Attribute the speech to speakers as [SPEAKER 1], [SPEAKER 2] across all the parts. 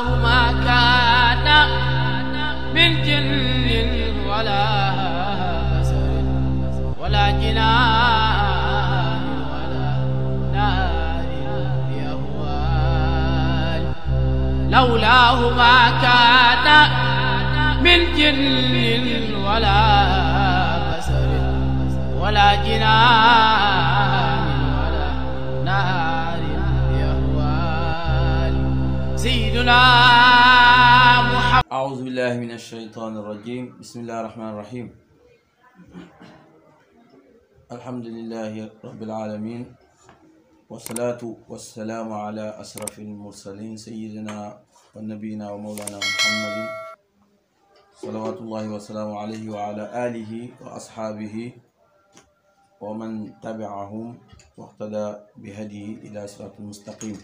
[SPEAKER 1] الله ما كان من جن ولا سر ولا جنان ولا نار لأهوال لولاه ما كان من جن ولا بشر ولا جنان
[SPEAKER 2] سيدنا محمد أعوذ بالله من الشيطان الرجيم بسم الله الرحمن الرحيم الحمد لله رب العالمين والصلاة والسلام على أشرف المرسلين سيدنا ونبينا ومولانا محمد صلوات الله وسلام عليه وعلى آله وأصحابه ومن تبعهم واقتدى بهديه إلى صراط المستقيم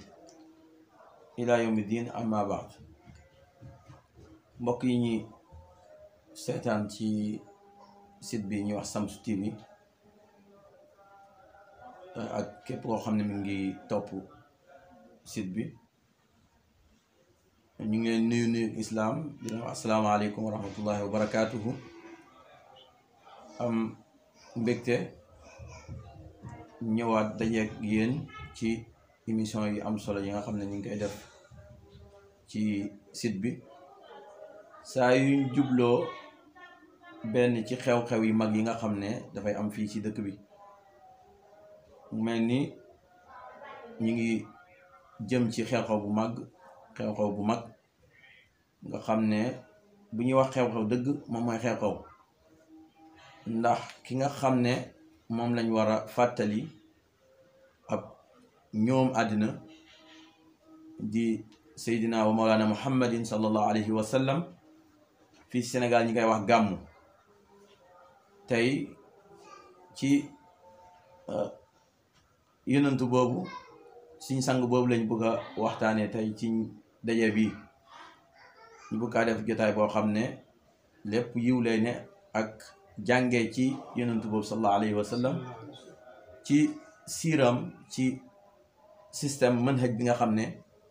[SPEAKER 2] ila yawmi diin amma baad mbokk yi ñuy seetaan ci site bi ñuy wax Shamsu TV eh, ak képp koo xam ne mi ngi topp site bi ñu ngi leen nuyu nuyu islaam dina wax asalaamaaleykum wa rahmatullahi barakaatuhu am mbégte ñëwaat dajeek yéen ci émission yu am solo yi nga xam ne ñu ngi koy def ci sit bi saa yuñ jubloo benn ci xew-xew yu mag yi nga xam ne dafay am fii ci dëkk bi mel ni ñu ngi jëm ci xew-xew bu mag xew-xew bu mag nga xam ne bu ñuy wax xew-xew dëgg moom mooy xew-xew ndax ki nga xam ne moom lañ war a fàttali ñoom àddina di seydina wa mawlana muhammadin sallallahu alayhi wa sallam fii Sénégal ñi ngay wax gàmmu tey ci euh, yonantu boobu suñ sang boobu lañ bëgg a waxtaanee tey ci daje bi ñu bëgg a def jotaay boo xam ne lépp yiw lay ne ak jàngee ci yonantu boobu sallallahu alayhi wa ci siiram ci système manhaj bi nga xamné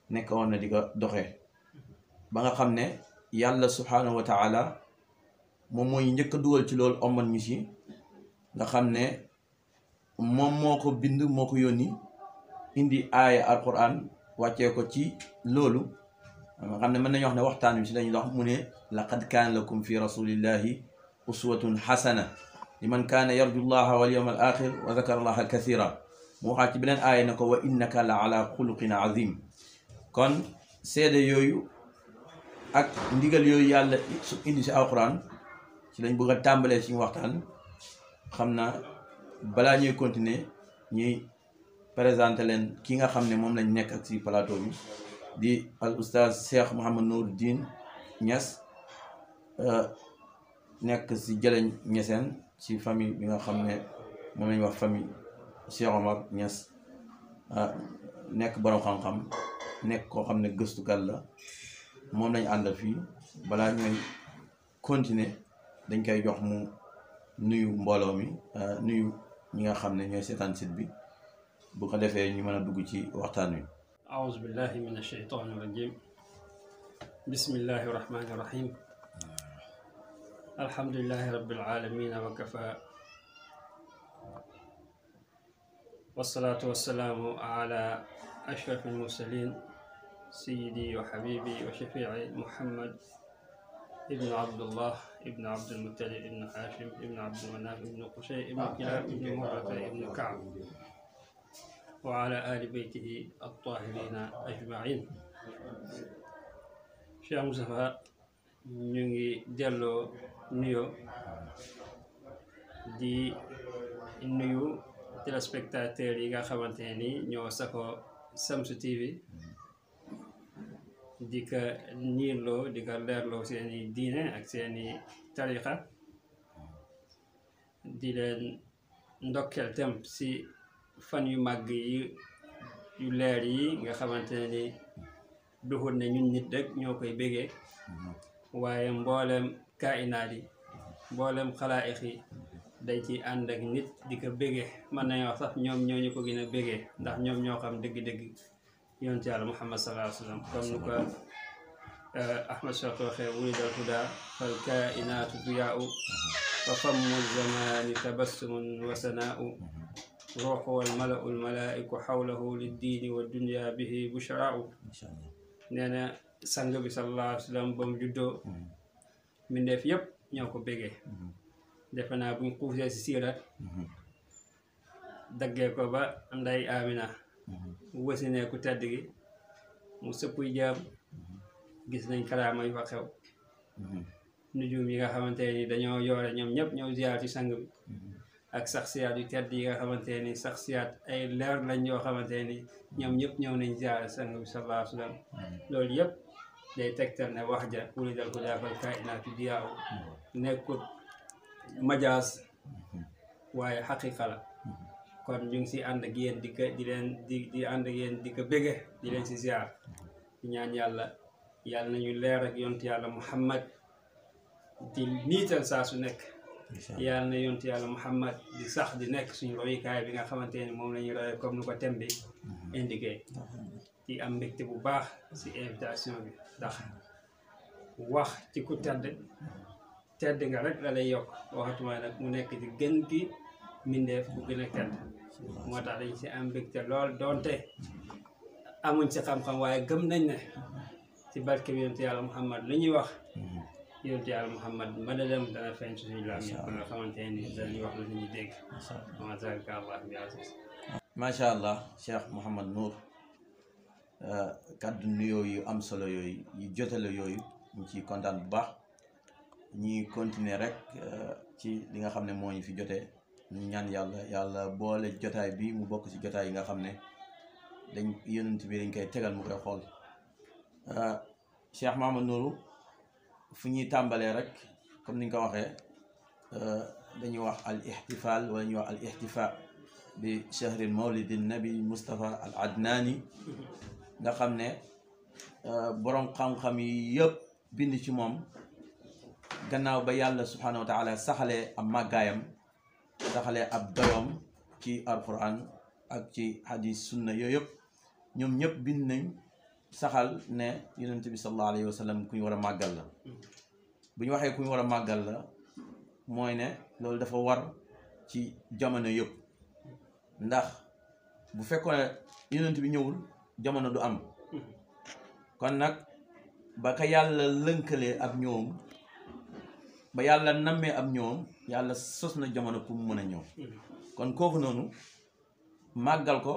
[SPEAKER 2] ne nekkoon na diga doxé ba nga xamné yàlla subhanahu wa taala mom moy ñëk a ci lool omban ñu ci nga xamné mom moko bind moko yoni indi aya alquran wacce ko ci loolu nga xamné man nañ wax ne waxtaan bi si lañuy wax mu laqad kan lakum fi rasulillahi uswatun hasana liman kaana yarju llaha wal yawm al axir wa dakara allaha kathira موخاتي بنن آية نكو وإنك لعلى خلق عظيم كون سيدة يويو أك نديغل يويو يال إنديس آخران سيلان بغا تامبلي سين وقتان خمنا بلا نيو كونتيني ني بريزانتلن كيغا خمني موم لاني نيك أكسي بلاتومي دي الأستاذ سيخ محمد نور الدين نياس نيك سي جلن نيسن سي فامي بيغا خمني شيخ عمر نياس نيك بروم خام خام نيك كو خامني گستو گالا موم لا ناندال في بلا ني كونتيني دنج كاي جوخ مو نيو مبولو مي نيو نيغا خامني نيو سيتان سيت بي بو كو ديفه ني مانا دوجو سي وقتانو
[SPEAKER 3] اعوذ بالله من الشيطان الرجيم بسم الله الرحمن الرحيم الحمد لله رب العالمين وكفى والصلاة والسلام على أشرف المرسلين سيدي وحبيبي وشفيعي محمد ابن عبد الله ابن عبد المطلب ابن هاشم ابن عبد المناف ابن قشي ابن كلاب ابن مرة ابن كعب وعلى آل بيته الطاهرين أجمعين شيخ مصطفى ñu ngi نيو دي نيو téléspectateurs yi nga xamante ni ñoo safoo Shamsu TV di ko niirloo di ko diine ak seeni i tarixa di leen ndokkeel tam si fan yu màgg yi yu leer yi nga xamante ne ni duxul ne ñun nit rek ñoo koy bégee mhm. waaye mboolem kainaat yi mboolem xalaaiq yi day ci ànd ak nit di ko béggee wax ñoom ñoo ñu ko gën ndax ñoom ñoo xam dëgg-dëgg yoon ci yàlla Muhammad sallallahu alayhi wa sallam comme nu ko euh, Ahmad Shawqi waxee wuridal huda fal kainaatu fa fammu zamaani tabassumun wa sanaau ruuxu wal malau l malaiku xawlahu liddiini bihi bushraau na sang bi sallallahu alayhi wa sallam ba mu juddoo mm-hmm. ko béggee mm-hmm. defe naa buñ xuusee si siira mhm. daggee ko ba nday amina mhm. wasinee ku tedd gi mu sëppuy jaam mhm. gis nañ karaama yu fa xew nujum yi nga xamante ni dañoo yoore ñoom ñëpp ñëw ziyaar ci sang ak saxsiyaat yu tedd yi nga xamante ni saxsiyaat ay leer lañ yoo xamante ni ñoom ñëpp ñëw nañ ziyaar sang bi sallallahu alayhi wa sallam loolu yëpp day tegtal ne wax ja wuli dal ko daafal kaay naa ci nekkut majaas mhm. waaye xaqiqa la mhm. kon ñu ngi si ànd ak yéen di ko di leen di di ànd ak yéen di ko bége di leen si ziar di mhm. ñaan yàlla yàlla nañu leer ak yont yàlla muhammad di niital saa su nekk yàlla na yont yàlla muhammad di sax di nekk suñu royukaay bi nga xamante ni moom la ñuy royee comme ni ko tem bi indiqué di am mbégte bu baax si invitation bi ndax wax ci ku tedd tedd nga rek da lay yokk waxatumaa nag mu nekk ci gën gi mbindeef bu gën a tedd moo tax dañ si am mbégte lool doonte amuñ si xam-xam waaye gëm nañ ne ci barke bi yonent yàlla Muhammad lu ñuy wax mm-hmm. yonent yàlla Muhammad ma da dem dana feeñ suñu laam yi nga xamante ni wax lu ñuy dégg ma zalika
[SPEAKER 2] macha allah Cheikh Mouhamad Nour euh, kàddu yu am solo yooyu yu jotale yooyu ñu ci kontaan bu baax ñuy continuer rek euh, ci li nga xam ne moo ñu fi jotee ñu ñaan yàlla yàlla boole jotaay bi mu bokk ci jotaay yi nga xam ne dañ yonent bi dañ koy tegal mu koy xool euh, Cheikh Mahamad nooru fu ñuy tàmbalee rek comme ni nga ko waxee euh, dañuy wax al ihtifal wala ñuy wax al ihtifa bi chahri mawlidi nabi Moustapha al adnani nga xam ne borom xam-xam yi yëpp bind ci moom gannaaw ba yàlla subhanahu wa taala saxalee ab màggaayam saxalee ab doyoom ci alquran ak ci hadis sunna yooyu yëpp ñoom ñëpp bind nañ saxal ne yonent bi sallallahu alayhi wa sallam ku ñu war a màggal la bu ñu waxee ku ñu war a màggal la mooy ne loolu dafa war ci jamono yëpp ndax bu fekkoon yonent bi ñëwul jamono du am kon nag ba ka yàlla lënkalee ab ñoom ba yàlla nammee ab ñoom yàlla sos na jamono pour mu mën a ñëw mm-hmm. kon kooku noonu màggal ko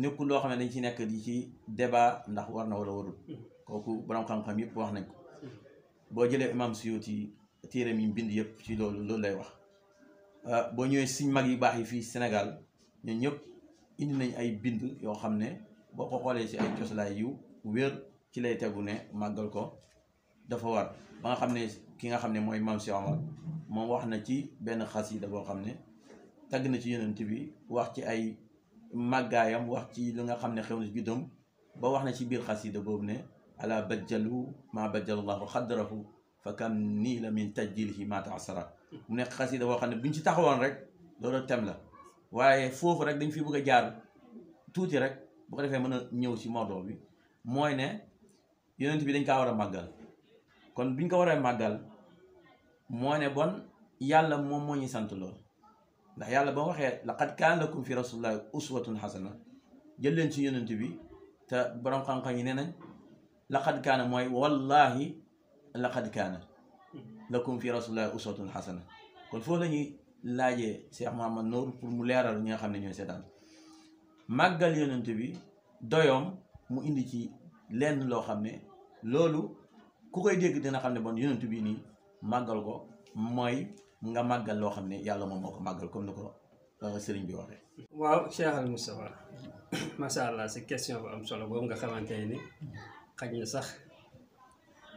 [SPEAKER 2] nekkul loo xam ne dañ ci nekk di ci débat ndax war na wala warul mm-hmm. kooku borom xam-xam yëpp wax nañ ko mm-hmm. boo jëlee imam Suyuti téeram yi bind yëpp ci loolu loolu lay wax euh, boo ñëwee siñ mag yi baax yi fii senegal ñun ñëpp indi nañ ay bind yoo xam ne boo ko xoolee si ay coslaay yu wér ci lay tegu ne màggal ko dafa war ba nga xamne ki nga xamne moy mam maam si Omar moom wax na ci ben khasida bo xamne tag na ci yonent bi wax ci ay magayam wax ci li nga xamne ne ci juddam ba wax na ci bir khasida bobu ne ala bajjalu maa bajjalallahu xadrahu fa kam nil min tajjilihi ma ta'sara mu ne khasida bo xamne buñ ci taxawon rek do do tem la waye fofu rek dañ fi bëgg jaar tuuti rek bu ko defé mëna a ñëw si mordo bi moy ne yonent bi dañ ka wara magal kon biñ ko waree magal mo ne bon yàlla mom moo ñu sant lool ndax yàlla ba waxe laqad kaana lakum fi rasulillahi uswatun hasana jël leen ci yonent bi ta borom xam-xam yi nee nañ laqad kaana moy wallahi laqad kaana lakum fi rasulillahi uswatun hasana kon fo lañuy ñuy Cheikh mohammed Nour pour mu leral ñi nga xam ne ñoy sétan magal yonent bi doyom mu indi ci lenn lo xamne lolou ku koy dégg dina xam ne bon yonent bi nii màggal ko mooy nga màggal loo xam ne yàlla moom moo ko màggal comme ni ko euh, sëriñ bi waxee.
[SPEAKER 3] waaw Cheikh Al Moustapha macha allah si question bu am solo boobu nga xamante ne ni xaj na sax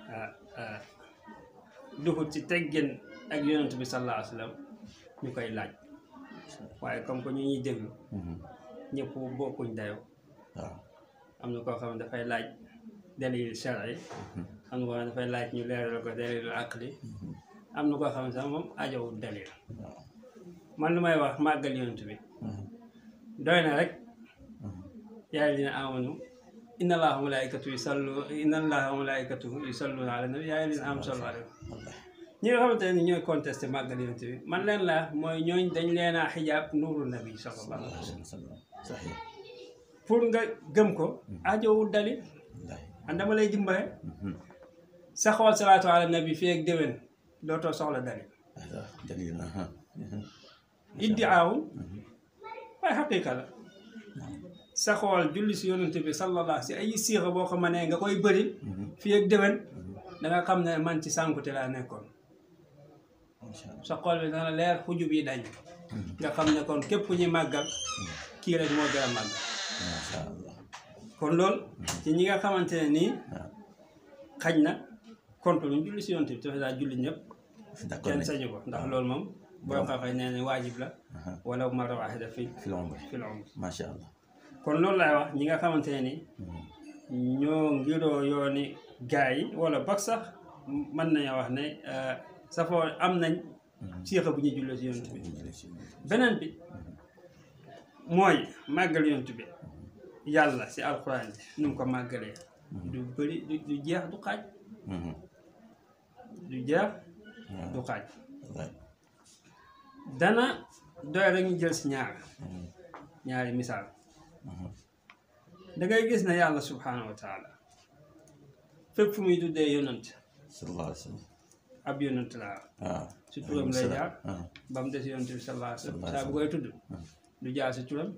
[SPEAKER 3] euh, euh, duxut ci teggin ak yonent bi sallallahu alayhi wa sallam ñu koy laaj waaye comme que ñu ñuy déglu. Mhm. ñëpp bokkuñ dayoo. waaw am na koo xam dafay laaj dalil shar'i mhm. xam nga dafay laaj ñu leeral ko dalilul aqli am na koo xam ne sax moom ajowul dalil man lu may wax màggal yonent bi doy na rek yaay dina amanu inna allaha malaikatu yusallu inna allaha malaikatu yusallu ala nabi yaay dina am solo ñi nga xamante ne ñooy contesté màggal yonent bi man leen laa mooy ñooñ dañ leen a xijaab nuuru nabi sallallahu alayhi wa sallam pour nga gëm ko hmm. ajowul dalil an ah, dama lay dimbale hmm. saxool salaatu ala nabi fi ak déwén dootoo soxla dalil dalil iddiyaaw waaye xaqiiqa la saxool julli si yonent bi sallallahu ay siixa boo ko mënee nga koy bëri fii ak déwén danga xam ne man ci sànkute laa nekkoon sa xool bi dana leer xujub yi dañ mm-hmm. nga xam ne képp ku ñuy màggal mm-hmm. kii rek moo gën a màggal kon loolu mm-hmm. ci ñi nga xamante ne nii xaj na compte bi julli si yonte bi dafa daa julli ñëpp kenn sañu ko ndax loolu moom borom xam-xam nee ne waajib la wala mara waxida fi fil ombre fil ombre macha allah kon loolu laay wax ñi nga xamante ne ni ñoo ngiroo yooni gars yi wala bag sax mën nañoo wax ne safoo am nañ siixa bu ñuy jullee si yonte bi beneen bi mooy màggal yonte bi yàlla si alxuraan bi nu mu ko màggalee du bëri du jeex du xaaj du jeex du xaaj dana doy rek ñu jël si ñaar mm-hmm. ñaari misaal mm-hmm. da gis ne yàlla subhaanahu wa taala fépp fu muy tuddee yonant ab yonant laa ah. si turam lay jaar ah. ba mu des yonant koy tudd ah. si turam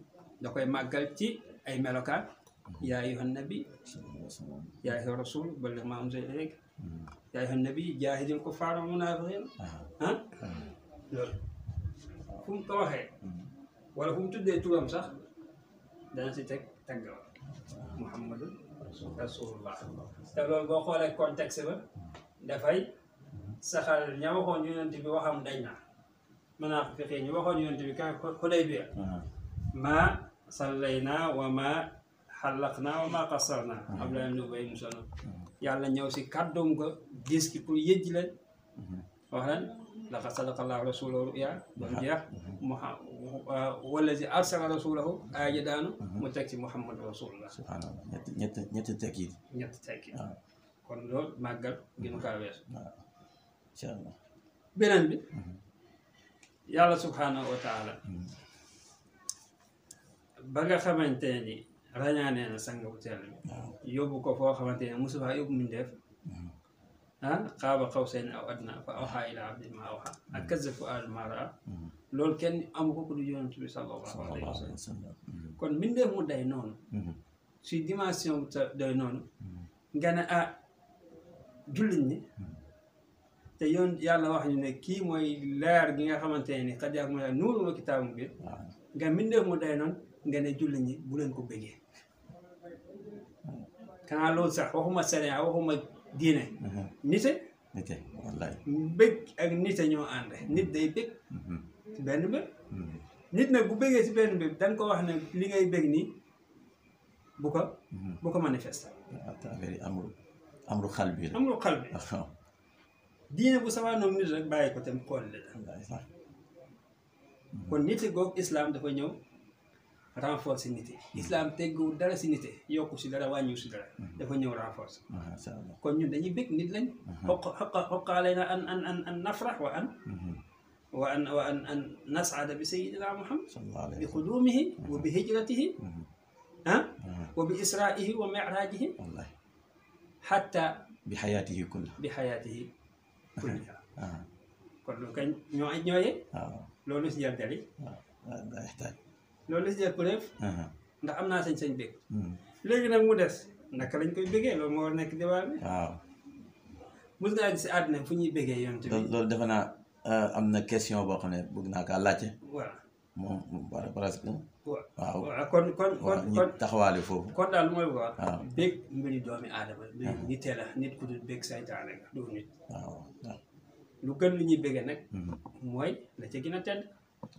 [SPEAKER 3] da koy màggal ci ay melokaan mm-hmm. yaa ayyuhan nabi yaa ayyuhar rasul bal ma unzila ilayk yaa ayyuhan nabi jaahidil kuffaar wal munaafiqiin ah loolu fu mu ko waxee wala fu mu tuddee turam sax dana si teg tàggal Muhammadu rasulullah te loolu boo xoolee contexte ba dafay saxal ña waxoon yonent bi waxam dañ na munaafiqiin ñu waxoon yonent bi kan Xudaybiya maa sallaynaa wa maa xallaqnaa wa maa qassarnaa Abdullah ibn Ubay mu sono yàlla ñëw si kàddoom nga gis ki pour yëj leen wax leen laqa sadaqallahu rasulahu yaa ba mu jeex mu wala si arsala rasulahu aaji daanu mu teg si muhammad rasulullah subhanallah ñett ñett ñetti tekki ñetti tekki kon loolu màggal gënu kaa weesu incha allah beneen bi yàlla subhanahu wa taala ba nga xamante ni ràññaanee na sang bu sell yóbbu ko foo xamante ne mosu faa yóbbu mu def ah xaaba xaw seen aw adna fa awxaa ila abdi ma awxaa mm. ak kaza fu al mara mm. loolu kenn amu ko ku du yonent bi sallallahu alayhi wa sallam mm. kon mu day noonu mm-hmm. suy dimension bu day noonu nga ne ah jullit ñi te yoon yàlla wax ñu ne kii mooy leer gi nga xamante ne ni xad yaak mooy nuuru wa kitaabu bi nga mbindeef mu day noonu nga ne jullit ñi bu leen ko bëggee kanaa loolu sax waxuma sariya waxuma diine mhm. nite
[SPEAKER 4] nite wallaay
[SPEAKER 3] bëgg ak nite ñoo ànd nit day bëgg ci mhm. benn mbir mhm. nit nag bu bëggee si benn mbir da ko wax ne li ngay bëgg nii bu ko bu ko manifesté
[SPEAKER 2] ah, amul amul xal bi la
[SPEAKER 3] xal bi ah. diine bu sawaanoom nit rek bàyyi ko tam xool li la kon nit googu islaam dafa ñëw renforcer nit hmm. islam tegguwul dara si nit yi yokku si dara wàññiwu si dara dafa ñëw renforcer kon ñun dañuy bëgg nit lañ xoq xoq an an an an nafrax wa an hmm. wa an wa an an nasada bi sayidina muhammad bi xudumihi hmm. wa bi hijratihi ah wa bi israihi wa mirajihi hatta
[SPEAKER 2] bi xayaatihi kulla
[SPEAKER 3] bi xayaatihi kulla ah. kon lu kañ ñoo ñooye ah. loolu si yardali ah. waaw loolu la si jël preuve ndax am naa sañ-sañ bég hmm. léegi nag mu des naka lañ koy bégee loolu moo war nekk débat bi waaw mos ngaa gis si àddina fu ñuy
[SPEAKER 2] bégee yoon tamit loolu defe naa euh, am na question boo xam ne bëgg naa kaa laajte waaw kon kon taxawaale foofu kon daal mooy wax waaw
[SPEAKER 3] bég mbiri doomi aadama mbiri nite la nit ku dul bég saytaane la du nit waaw lu gën lu ñuy béggee nag hmm. mooy la ca gën a tedd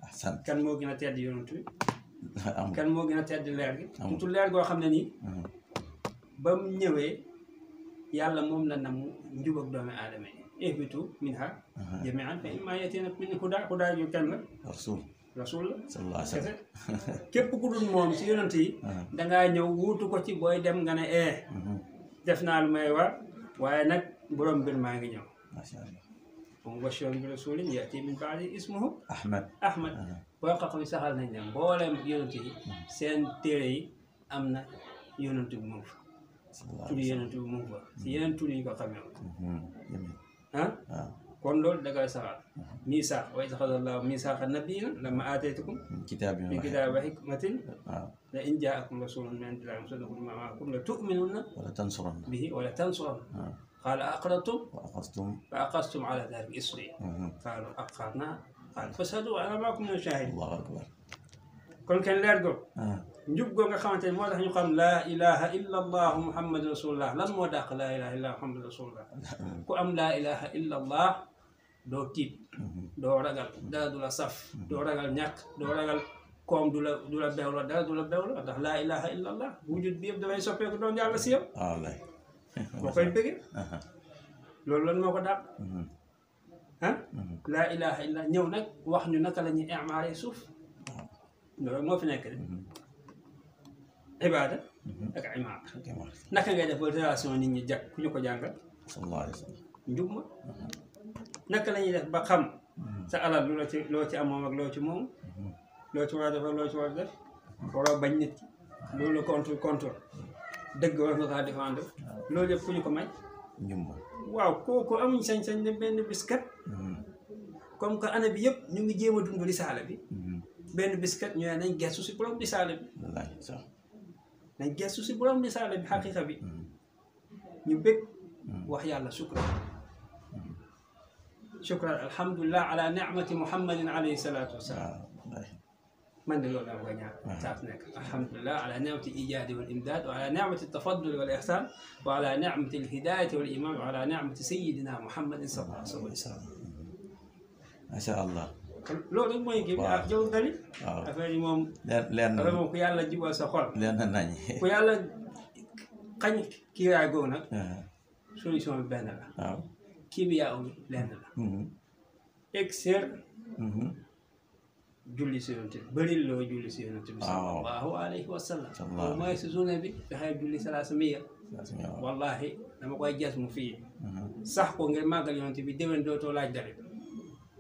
[SPEAKER 3] ah, kan moo gën a tedd yonent bi kan moo gën a tedd leer gi tutu leer goo xam ne nii ba mu ñëwee yàlla moom la na njub ak doomi aadama yi ihbitu minha jami'an fa imma yatiinakum minni hudaa hudaa ju kenn la rasul rasul la sallallahu alayhi wasallam képp ku dul moom si yonent yi dangaa ñëw wuutu ko ci booy dem nga ne ee eh, def naa lu may war waaye nag borom mbir maa ngi ñëw ومبشر برسول ياتي من بعد اسمه احمد احمد ويقع في سهل نين بولم يونتي نعم. سين تيري امنا يونتي موفا تولي يونتي موفا نعم. سين تولي يبقى كاميرا ها آه. كون لول دغا سرا ميسا واذا خذ الله ميثاق النبي لما اتيتكم
[SPEAKER 2] كتاب من كتاب حكمه آه.
[SPEAKER 3] لا ان جاءكم رسول من عند الله صدق ما معكم لتؤمنون ولا تنصرون به ولا تنصرون آه. قال أقرضتم
[SPEAKER 2] وأقصتم
[SPEAKER 3] فأقصتم على ذلك إصري قالوا أقرضنا قال فسدوا أنا معكم من الشاهد الله أكبر كل كان لارجو آه. نجبكم كخامة الموضح يقام لا إله إلا الله محمد رسول الله لم وداق لا إله إلا محمد رسول الله قام لا إله إلا الله دو تيب دو رجل دا دولا صف دو رجل نك دو رجل كوم دولا دولا بيولا دا دولا بيولا لا إله إلا الله وجود بيب دولا يسوف يقدون جالسيو آه. Eh, moo koy uh-huh. loolu lan moo ko dàq ah laa ilaha illa ñëw nag wax ñu naka la ñuy imaare suuf loolu moo fi nekk de mm-hmm. ibaada ak imaar naka ngay def ba relation nit ñi jag ku ñu ko jàngal
[SPEAKER 2] sallallahu alayhi wa sallam
[SPEAKER 3] njub ma naka la def ba xam sa alal lu la ci loo ci amoom ak loo ci moom loo ci war def ak loo ci war a def waroo bañ nit ki loolu la contre dëgg war nga kaa défendre loolu yëpp fu ñu ko may ñumba waaw kooku amuñ sañ-sañ ne benn biskat comme que année bi yëpp ñu ngi jéem a dund risaala bi benn biskat ñu ne nañ gestu si borom risaala bi nañ gestu si borom risaala bi xaqiqa bi ñu bëgg wax yàlla shukran shukran alhamdulillah ala ni'mati muhammadin alayhi salatu wasalaam من لله له جميعا الحمد لله على نعمة الإيجاد والإمداد وعلى نعمة التفضل والإحسان وعلى نعمة الهداية والإمام وعلى نعمة سيدنا محمد صلى الله عليه وسلم ما شاء الله loolu rek mooy kii bi ak jaww tali. waaw affaire yi moom. leer leer na moom ku yàlla jubal sa xol. leer na nañ. ku yàlla xañ kii yaay googu nag. solution bi benn la. waaw kii bi yaa leer na la. exer. julli si yonent bi bëri loo julli si yonent bi sallallahu alayhi wa sallam bi dafay julli salaasa miya mhm. sax ko ngir màggal yonent bi déwén dootoo laaj dara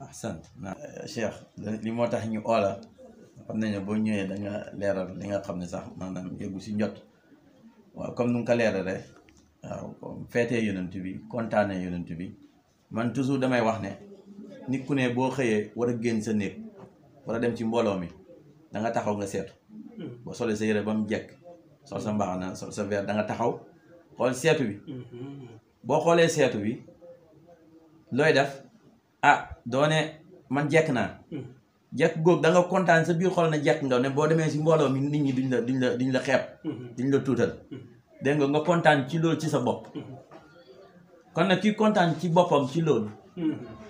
[SPEAKER 2] ahsan eh, cheikh li moo tax ñu oola xam nañu boo ñëwee da leeral li nga xam ne sax maanaam yëggu si njot waaw comme nu nga leerale waaw comme feetee bi kontaanee yonent bi man toujours damay wax ne nit ku ne boo xëyee war a génn sa néeg wala dem ci mbooloo mi da nga taxaw nga seetu hmm. boo solee sa yére ba mu jekk sol sa mbaxana sol sa verre da nga taxaw xool seetu bi
[SPEAKER 4] hmm.
[SPEAKER 2] boo xoolee seetu bi looy def ah doone man jekk naa hmm. jekk goog da nga kontaan sa biir xool na jekk nga boo demee si mbooloo mi nit ñi duñ la duñ la duñ la xeeb duñ la tuutal dégg nga nga kontaan ci lool ci sa bopp kon nag kii kontaan ci boppam ci loolu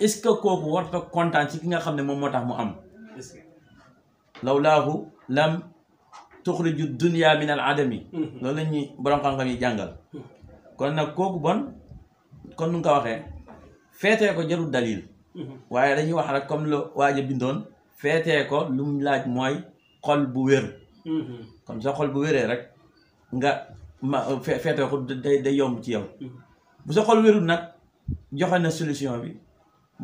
[SPEAKER 2] est-ce que kooku warta kontaan ci ki nga xam ne moom moo tax mu am لولاه لم تخرج الدنيا من العدم لولا ني بروم خام خامي جانغال كون نا كوك بون كون نون كا واخه فته كو جارو دليل واي داني واخ رك كوم لو واجا بيندون فته كو لوم لاج موي خول بو وير كوم سا خول بو وير رك nga fete ko day day yom ci yow bu sa xol werul nak joxana solution bi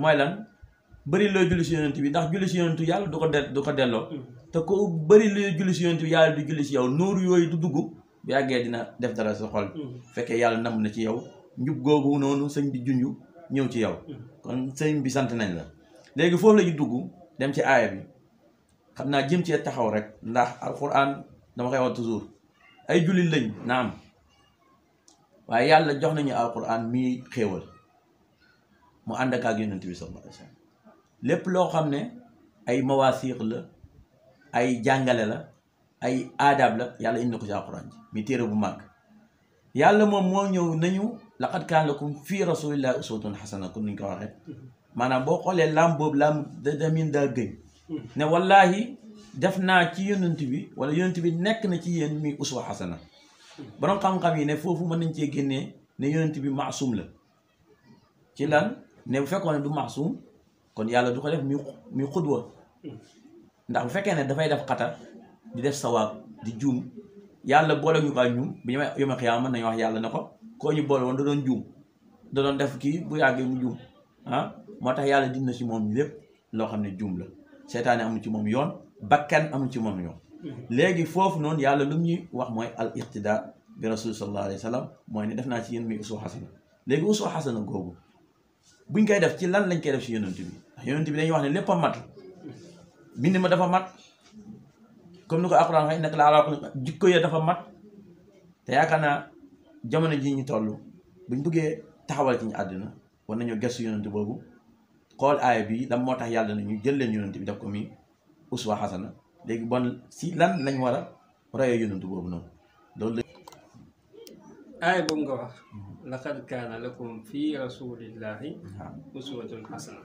[SPEAKER 2] moy lan bëri looy julli si yonent bi ndax julli si yonent yàlla du ko de du ko delloo mm. te ko bëri looy julli si yonent bi yàlla du julli si yow nooru yooyu du dugg bu yàggee dina def dara sa xol mm. fekkee yàlla nam na ci yow njub googu noonu sëñ di junju ñëw ci yow mm. kon sëñ bi sant nañ la léegi foofu lañu ñu dugg dem ci aaya bi xam naa jëm cee taxaw rek ndax alquran dama koy wax toujours ay jullit lañ na am waaye yàlla jox nañu alquran mii xéewal mu ànd ak ak yonent lépp loo xam ne ay mawaasiq la ay jàngale la ay aadab la yàlla indi ko ci alquran ji mi téere bu màgg yàlla moom moo ñëw nañu laqad kaan lakum fii rasulillahi uswatun xasana comme ni ñu ko waxee maanaam boo xoolee laam boobu laam damin da gëñ ne wallahi def naa ci yonent bi wala yonent bi nekk na ci yéen mi uswa xasana borom xam-xam yi ne foofu mën nañ cee génnee ne yonent bi maasum la ci lan ne bu fekkoon ne du maasum kon yàlla du ko def muy muy xudwa ndax bu fekkee ne dafay def xata di def sawaab di juum yàlla boole ñu ko ak ñun bi ñu may yomee xiyaama mën nañu wax yàlla ne ko koo ñu boole woon da doon juum da doon def kii bu yàggee mu juum ah moo tax yàlla dindi na ci moom lépp loo xam ne juum la seetaane amul ci moom yoon bakkan amul ci moom yoon. léegi foofu noonu yàlla lu ñuy wax mooy al iqtida bi rasul sallallahu alayhi wa mooy ne def naa ci yéen muy uswa xasana léegi uswa xasana googu buñ koy def ci lan lañ koy def ci yonent bi. ndax yonent bi dañuy wax ne lépp a mat mbind ma dafa mat comme ni ko alxuraan waxee nekk laa ko jikko ya dafa mat te yaakaar naa jamono ji ñu toll buñ bëggee taxawal ci ñu àddina war nañoo gëstu yonent boobu xool aaya bii lan moo tax yàlla na ñu jël leen yonent bi def ko mi uswa xasana léegi bon si lan lañ war a royee boobu noonu
[SPEAKER 3] aay boobu nga wax laqad kaana lakum fi rasulillahi uswatun xasana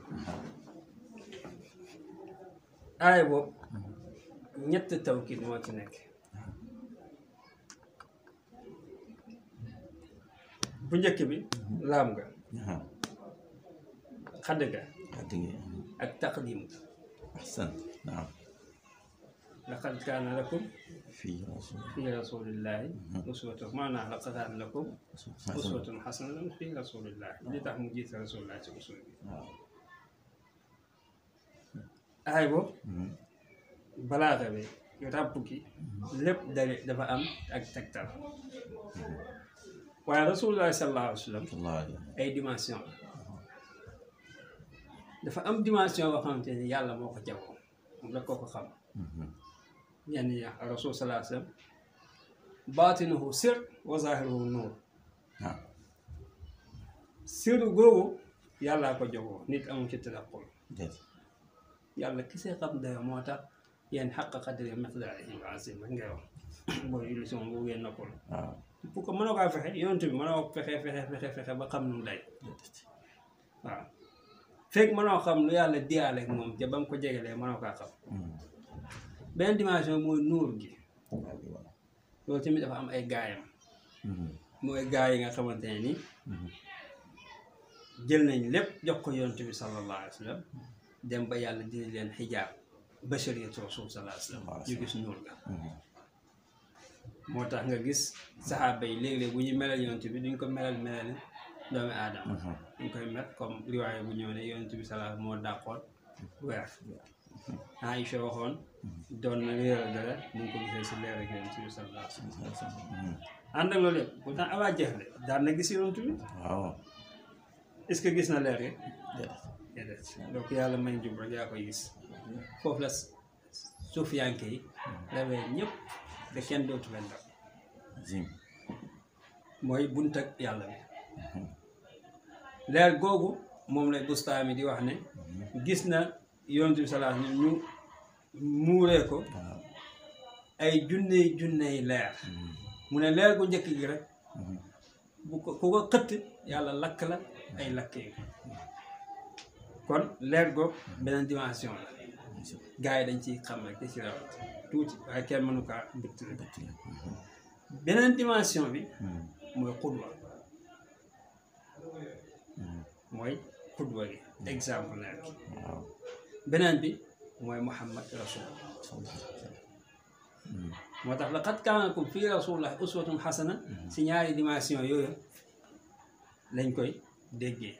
[SPEAKER 3] aay boobu ñett tawkid moo ci nekk bu njëkk bi laam nga xadd ga ak taqdim
[SPEAKER 2] ahsan naam
[SPEAKER 3] لقد كان لكم
[SPEAKER 2] في رسول, في
[SPEAKER 3] رسول الله أسوة معنى لقد كان لكم أسوة حسنة في رسول الله اللي تحمو جيت رسول الله تبسوه بي هاي بو بلاغة بي يربكي لب دري دفع أم تكتر ويا رسول الله صلى الله عليه وسلم أي ديمانسيون دفع أم ديمانسيون وخامتين يالله موقع جوه مبلغ كوكو خامة يعني الرسول صلى الله عليه وسلم باطنه سر وظاهره نور نعم. سر جو يلا كو جو نيت امو سي تدقل يلا كيسي قام دا موتا ين حق قدر مثل العظيم نغيو بو يلي سون بو ген نكول بوكو منو كا فخي يونت بي منو فخي فخي فخي فخي با خام نو داي فك منو خام لو يالا ديالك موم جا بام كو جيغلي منو كا خام benn dimension mooy nuur gi loolu tamit dafa am ay gaayam mhm. mooy gaay yi nga xamante ne ni mhm. jël nañ lépp jox ko yonent bi sallallahu alayhi wa sallam dem ba yàlla dindi leen xijaab bashariyatu rasul sallallahu alayhi wa sallam gis nuur ga mhm. moo tax nga gis saxaaba yi léeg-léeg bu ñu melal yonent bi duñ ko melal melal doomi aadama duñ koy mel comme riwaaya bu ñëw ne yonent bi sallallahu moo dàqoon weer Aïcha waxoon doon na leeral dara mu ngi ko gisee leer ak yéen si sallallahu alayhi wa sallam ak loolu yëpp pourtant Aba daan na gis Yonent bi waaw ce que gis na leer yi déedéet donc yàlla may jub rek yaa koy gis foofu la suufiyanke yi rawee ñëpp da kenn dootu leen dal mooy bunt ak yàlla bi mhm. leer googu moom lay bustaami di wax ne mhm. gis na yonent bi sallallahu ñu nous ko ay junné junné leer hmm. mu né leer gu gi rek hmm. bu ko ko xëtt la ay hmm. kon leer go benen dimension la gaay dañ ci xam ak ci rawat tuuti mënu dimension bi moy qudwa exemple بنادي ومحمد رسول الله صلى الله عليه وسلم موتاخ لقد كان لكم في رسول الله اسوه حسنه سينياري ديماسيون يويو lañ koy déggee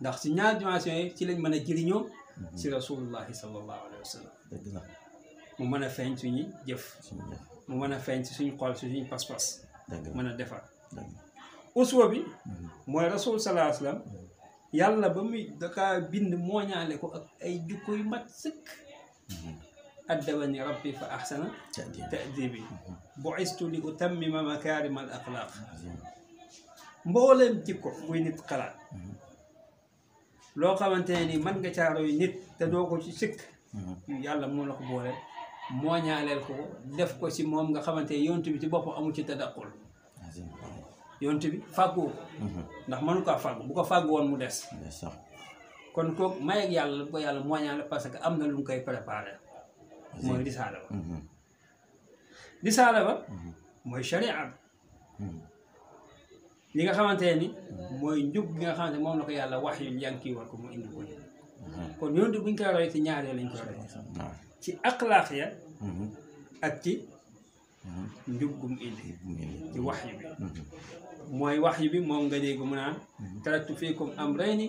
[SPEAKER 3] ndax si ñaar dimension yi ci lañ mën a jëriñoo si rasulullahi sallallahu alayhi wa sallam mu mën a feeñ suñuy jëf mu mën a feeñ si suñu xol si suñu pas-pas mën a defar uswa bi mooy rasul sallallahu alayhi wa sallam yàlla ba muy dakaa bind mooñaale ko ak ay jukko yu mat sëkk mhm. addabani rabbi fa ahsana ta'dibi mhm. bu'istu li utammima makarima al axlaq mbooleem jikko muy nit xalaat mhm. loo xamante ne nii mën nga caaro yu nit te doo ko ci sëkk yàlla moo la ko boole mooñaaleel ko def ko si moom nga xamante yontu bi ci bopp amu ci tadaqul yonent bi fàggoo mhm. ndax manu ko fàgg bu ko fàgg woon mu des kon kooku may yàlla bu ko yàlla mooñaale parce que am na lu mu koy préparé mooy risaala ba mhm. risaala mhm. mooy sharia bi li nga xamante ni mooy njub gi nga xamante moom la yàlla wax yu njànki war ko mu indi ko kon yonent buñ koy roy ci ñaar lañ koy roy ci axlaaq ya ak ci njub gum indi ci wax yu bi mooy wax yi bi moom nga dégg mu naan mhm. taraktu fiikum amrayni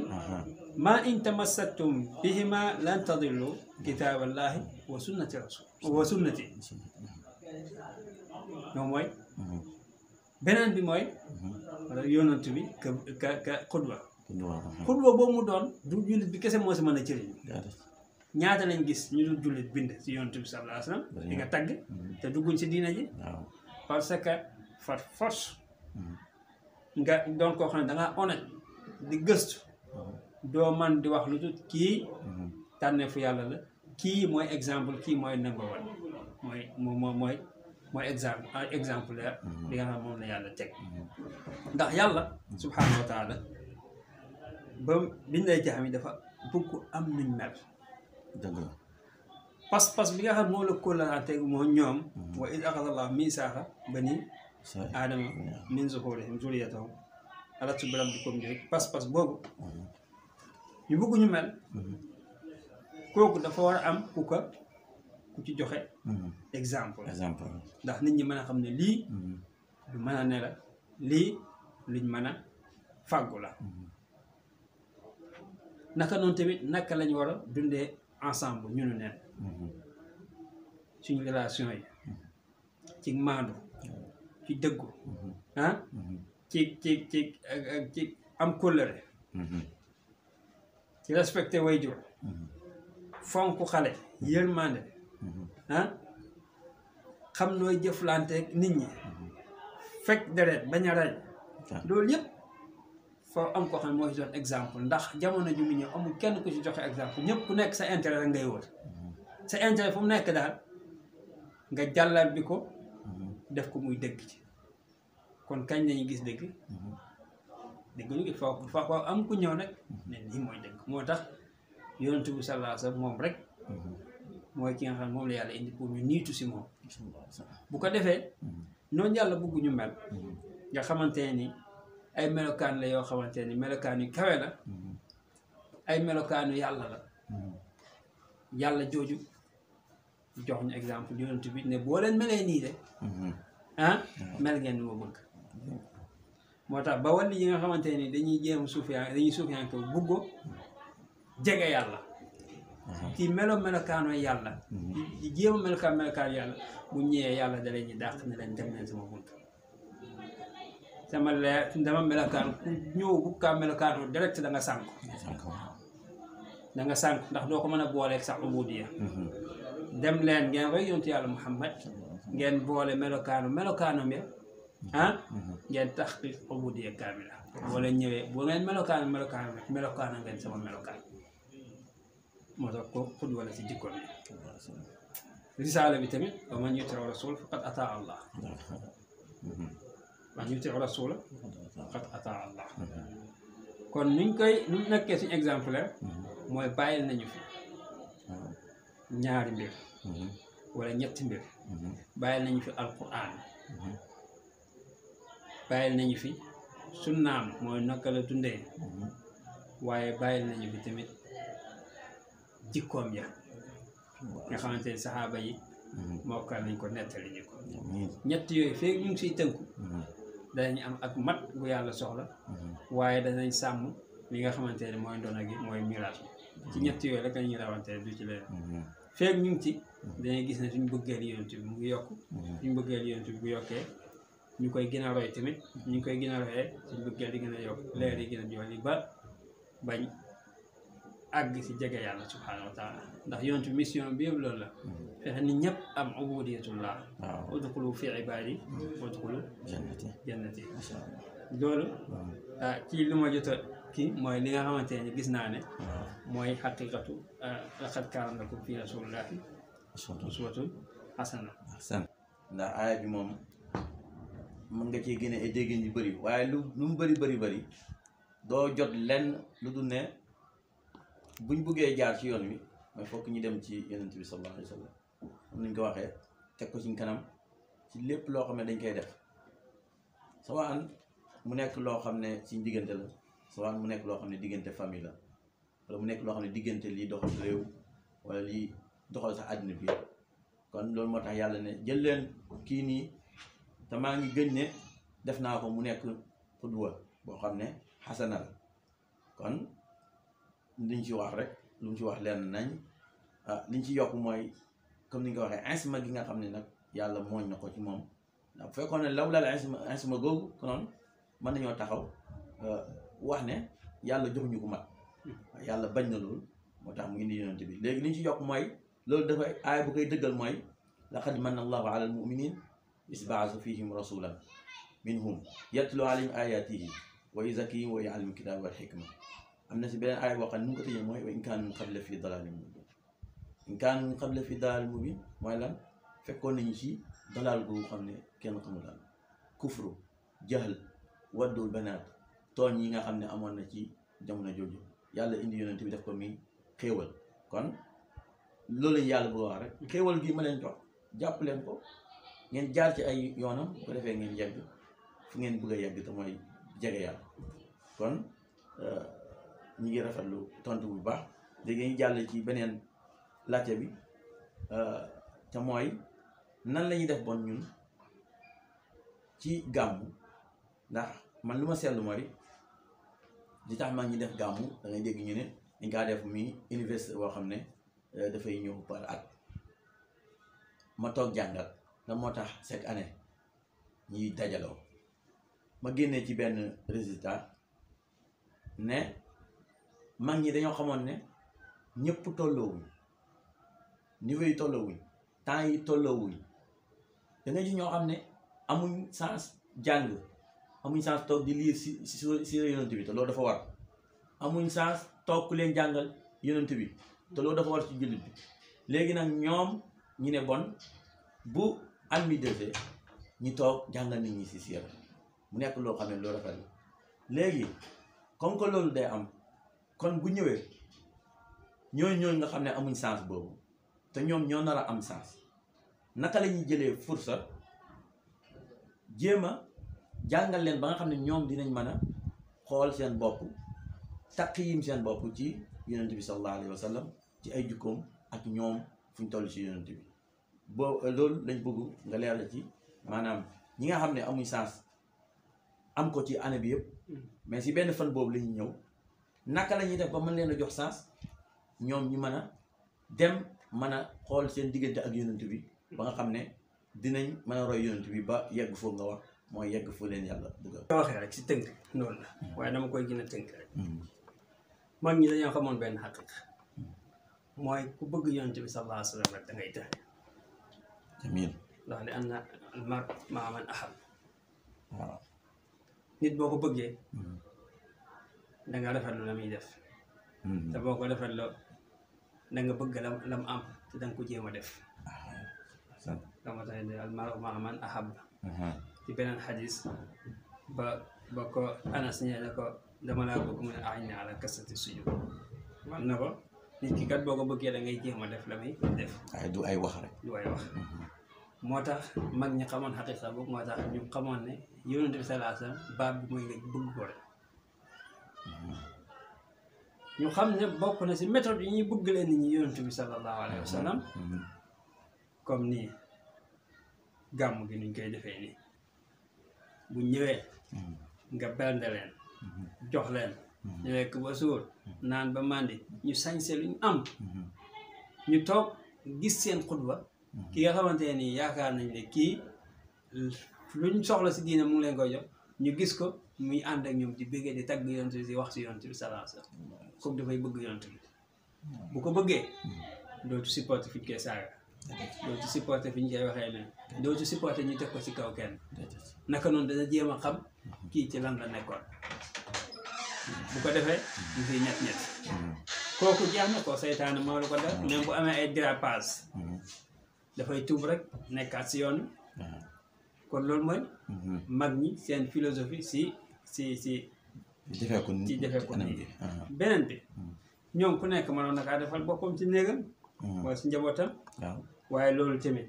[SPEAKER 3] ma in tamassaktum bihima lan tadillu kitaaballahi wa sunnati rasul wa sunnati moom mooy mhm. beneen bi mooy mhm. yonant bi ka ka ka xudba xudba boobu mu doon du jullit moo si mën a cëriñ ñaata lañ gis ñu bind si yonant bi sallallahu nga tagg te dugguñ si diina ji parce que force nga doon koo xam ne da ngaa di gëstu doo man di wax lu dul kii mhm. tànneefu yàlla la kii mooy exemple kii mooy number one mooy mooy mooy exemple ah, exemple li mhm. nga xam moom la yàlla teg mhm. ndax yàlla subhaanahu wa ba biñ lay jaam yi dafa bëgg am nañ mel pas-pas bi nga xam moom la kóllante moo ñoom wa id axada allah misaaxa ba nii adama min zuhurihim zuriyatahum alastu bi rabbikum jooy pas-pas boobu
[SPEAKER 4] ñu
[SPEAKER 3] mm-hmm. bëgg ñu mel mm-hmm. kooku dafa war a am ku ko ku ci joxe mm-hmm. exemple exemple ndax nit ñi mën a xam ne lii lu mën a nela lii luñ mën a fàggu la naka noonu tamit naka lañu war a dundee ensemble ñu nu neen suñu relation yi ci maandu ci dëggu mhm. ah mhm. ci ci ci eh, am kóllëre mhm. ci way waajur fonk xale yërmande ah xam nooy jëflanteeg nit ñi fekk deret bañ a rey ah. loolu yëpp foo am ko xam ne mooy doon exemple ndax jamono ju mu ñëw amul kenn ku ci joxe exemple ñëpp ku nekk sa intérêt rek ngay wër sa intérêt fu mu nekk daal nga jàllal bi ko def ko muy dëgg ci kon kañ lañuy gis dëgg mhm. dëgg lu faaw faaw am ku ñëw nag ne lii mooy dëgg moo tax yonent bi sa alayhi wa moom rek mhm. mooy ki nga xam moom la yàlla indi pour ñu niitu si moom bu ko defee mhm. noonu yàlla bëgg ñu mel nga xamante ni ay melokaan la yoo xamante ni melokaan yu kawe la ay melokaanu yàlla la yàlla jooju jox ñu exemple yonent bi ne boo leen melee nii de ah mel ngeen ni bëgg moo tax ba wàll yi nga xamante nii dañuy jéem suufiyaan dañuy suufiyaan ko bugg jege yàlla ci mhm. melo melokaano yàlla mhm. di jéem a melokaan yàlla bu ñëwee yàlla da leen ñu dàq dem leen sama sama leer dama melokaan ku ñëw bu kaa melokaano direct da sànk da nga sànk ndax doo ko mën a booleeg sax ubudiya mhm. dem leen ngeen roy yontu yàlla Muhammad ngeen boole melokaano melokaanam ya ah ngeen taxqiq ubudiyya kaamila boo leen ñëwee boo ngeen melokaan melokaan melokaan a ngeen sama melokaan moo tax ko xud wala si jikkoon bi risaala bi tamit wa man yutiu rasul faqad ataa allah kon nuñ koy nuñ nekkee suñu exemplaire mm-hmm. mooy bàyyil nañu fi ñaari mbir mm-hmm. wala ñetti mbir bàyyil nañu fi alquran bàyyil nañu fi sunnaam mooy naka la dundee mm-hmm. waaye bàyyil nañu fi tamit jikkoom ya nga xamante ne saxaaba yi mm-hmm. mokkal nañ ko nettali ñu ko ñett yooyu feeg ñu ngi siy tënku mm-hmm. danañ am ak mat gu yàlla soxla waaye danañ sàmm li nga xamante ne mooy ndono gi mooy miraas bi ci ñett yooyu rek la ñuy rawante du ci leen feeg ñu ngi ci dañuy gis ne suñ bëggeel yonent bi mu ngi yokk suñ bëggeel yonent bi bu yokkee ñu koy gina a roy tamit ñu ngi koy gën a royee suñu bëggeel di gën a yokk leer yi gën a jool yi ba bañ àgg si jege yàlla subhaanahu wa ndax yontu mission bi yëpp loolu la mm-hmm. fexe ni ñëpp am ubudiyatullah udxulu fi ibaadi mm-hmm. udxulu jannati loolu ci ah, li ma jot a kii mooy li nga xamante ne gis naa ne mooy xaqiqatu ah, laqad kaana lakum fi rasulillahi uswatun hasana
[SPEAKER 2] ndax aaya moom mën nga ciy génne ay déggin yu bëri waaye lu lu mu bëri bëri bëri doo jot lenn lu dul ne buñ buggee jaar ci yoon wi mooy fokk ñu dem ci yonent bi sallallahu alayhi ko waxee teg ko suñ kanam ci lépp loo xam ne dañ koy def sawaan mu nekk loo xam ne suñ diggante la sawaan mu nekk loo xam ne diggante famille la wala mu nekk loo xam ne diggante lii doxal réew wala lii doxal sax àddina bi kon loolu moo tax yàlla ne jël leen kii nii te maa ngi gëñ ne def naa ko mu nekk xudwa boo xam ne xasana la kon liñ ci wax rek luñ ci wax lenn nañ ah ñu ci yokk mooy comme ni nga ko waxee insma gi nga xam ne nag yàlla mooñ na ko ci moom ndax bu fekkoon ne law laal insma insma googu konoon mën nañoo taxaw ah, wax ne yàlla jox ñu ah, yàlla bañ na loolu moo tax mu indi yonent bi léegi liñ ci yokk mooy loolu dafay aaya bu koy dëggal mooy laqad manna allahu ala al muminin إذ بعث فيهم رسولا منهم يتلو عليهم آياته ويزكيهم ويعلم الكتاب والحكمة am na si beneen aaya boo xam ne nu mu ko tëjee mooy in kaan min qable fii dalaalin mubin in kaan min qable fii dalaalin mubin mooy lan fekkoon nañu si dalaal gu xam ne kenn xamul lan kufru jahl waddul banaat tooñ yi nga xam ne amoon na ci jamono jooju yàlla indi yonent bi def ko muy xéewal kon loolu yàlla bu wax rek xéewal gi ma leen jox jàpp leen ko ngeen jaar ci ay yoonam bu ko defee ngeen yegg fu ngeen bëgg a yegg te mooy jege yàlla kon euh, ñu ngi rafetlu tontu bu baax léegi ñu jàll ci beneen laajte bi euh, te mooy nan la ñuy def bon ñun ci gàmmu ndax man lu ma seetlu mooy li tax mag ñi def gàmmu da ngay ñu ne dañ kaa def muy université woo xam ne euh, dafay ñëw par at ma toog jàngal. la moo tax chaque année ñuy dajaloo ma génnee ci benn résultat ne mag ñi dañoo xamoon ne ñëpp tolloowuñ niveau yi tolloowuñ temps yi tolloowuñ da nga ji ñoo xam ne amuñ sens jàng amuñ sens toog di lire si si si yonent bi te dafa war amuñ sens toog leen jàngal yonent bi te loolu dafa war ci jullit bi léegi nag ñoom ñu ne bon bu an mi defee ñi toog jàngal nit ñi si siira mu nekk loo xam ne loo rafet la léegi comme que loolu day am kon bu ñëwee ñooñu ñooñu nga xam ne amuñ sens boobu te ñoom ñoo nar a am sens naka la ñuy jëlee fursa jéem a jàngal leen ba nga xam ne ñoom dinañ mën a xool seen bopp takk yim seen bopp ci yonent bi sallallahu alayhi ci ay jukkoom ak ñoom fu ñu toll ci yonent bi boo euh, loolu lañ bëgg nga leeral ci maanaam ñi nga xam ne amuñ chance am ko ci année bi yëpp mm. mais si benn fan boobu lañu ñëw naka lañuy ñuy def ba mën leen a jox chance ñoom ñu mën a dem mën a xool seen diggante ak yonent bi ba nga xam ne dinañ mën a roy bi ba yegg foog nga wax mooy yegg foo leen yàlla dugal.
[SPEAKER 3] nga waxee rek si tënk noonu la mm. waaye dama koy gën a tënk la mm. mag ñi dañoo xamoon benn xaqiq mooy ku bëgg yonent bi sallallahu alayhi wa sallam rek da ngay texe jamil ndax li anna al mar ahab nit boo ko bëggee hmm. da nga la muy def hmm. te boo ko rafetloo da nga bëgg lam am te da nga ko jéem a def dama ah, tax al mar maa man ahab uh-huh. ci beneen xadis ba ba ko anas ñee ne dama laa bëgg mu ne añ ne ala kasati sujud wan nit ki kat boo ko bëggee da ngay jéem a def la muy def. waaye du ay wax rek. du ay wax moo tax mag ñi xamoon xaqiqa boobu moo tax ñu xamoon ne yonent bi sallallahu alayhi wasallam baab bi mooy mm-hmm. xam ne bokk na si méthode yi ñuy bëgg leen nit ñi yonent bi sallallahu alayhi wasallam mm-hmm. comme nii gàmm gi nuñ koy defee nii bu ñëwee mm-hmm. nga bernde leen jox leen. ñu lekk ba suur naan ba màndi ñu sañse lu ñu am mhm. ñu toog gis seen xutba mhm. ki nga xamante ne nii yaakaar nañ ne kii luñ soxla si diina mu ngi leen ko jox ñu gis ko muy ànd ak ñoom di bëggee di tagg yonent bi di wax si yonent bi salaa salaam comme dafay bëgg yonent bi
[SPEAKER 4] mhm.
[SPEAKER 3] bu ko bëggee dootu supporte fi ñu koy saaga dootu supporté fi ñu koy waxee ne dootu supporté ñu teg ko si kaw kenn naka noonu dana jéem a xam kii ci lan la nekkoon bu ko defee ñu fiy ñett ñett kooku jeex na ko seytaane moo la ko def même bu amee ay dérapage dafay tuub rek nekkaat si yoon kon loolu mooy mag ñi seen philosophie si si si
[SPEAKER 2] defeeku ci defeeku
[SPEAKER 3] beneen bi ñoom ku nekk mënoon na kaa defal boppam ci néegam wala si njabootam waaye loolu tamit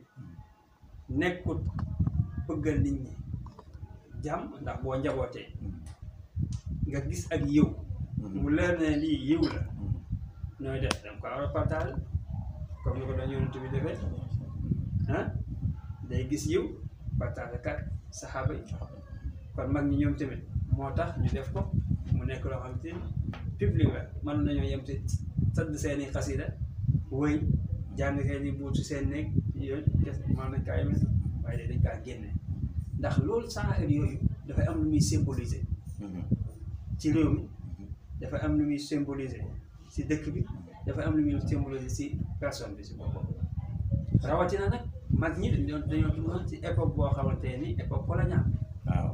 [SPEAKER 3] nekkut bëggal nit ñi jàmm ndax boo njabootee nga gis ak yiw mm-hmm. mu leer ne lii yiw la mm-hmm. nooy def da nga ko war a partage comme ni ko doon yonent bi defee ah day gis yiw partage kat saxaaba yi kon mag ñi ñoom tamit moo tax ñu def ko mu nekk loo xam te public la mën nañoo yem te sadd seeni xasida wëy jàng seeni buut si seen néeg yooyu des mën nañ kaa yemee waaye dañ kaa génne ndax loolu saa yooyu dafay am lu muy symboliser mm-hmm. ci réew mi dafa am lu muy symboliser si dëkk bi dafa am lu muy symboliser si personne bi si boppam rawatina nag mag ñi dañoo dañoo dund si boo xamante ni époque coloniale waaw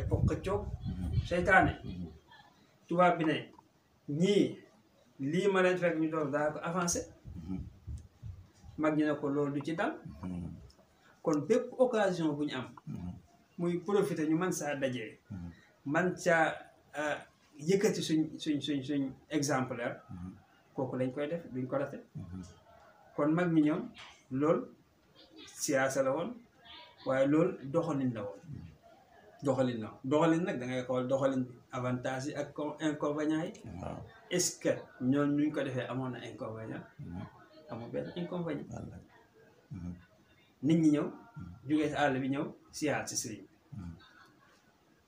[SPEAKER 3] époque xëccoo mm-hmm. seytaane mm-hmm. bi ne ñii lii ma leen ñu doon daa ko avancé mm-hmm. mag ñi ne ko loolu du ci dal kon bépp occasion bu ñu am muy profité ñu mën saa dajee man saa Ah, yëkkati suñ suñ suñ suñ exemplaire mhm. kooku lañ koy def duñ ko rate mhm. kon mag ñi ñoom loolu siyaasa la woon waaye loolu doxalin la woon mhm. doxalin la woon doxalin nag da ngay xool doxalin avantage yi ak inconvénients yi est-ce que ñoom nuñ ko defee amoon na inconvénient amul benn inconvénient nit ñi ñëw jógee si àll bi ñëw siyaar si sëriñ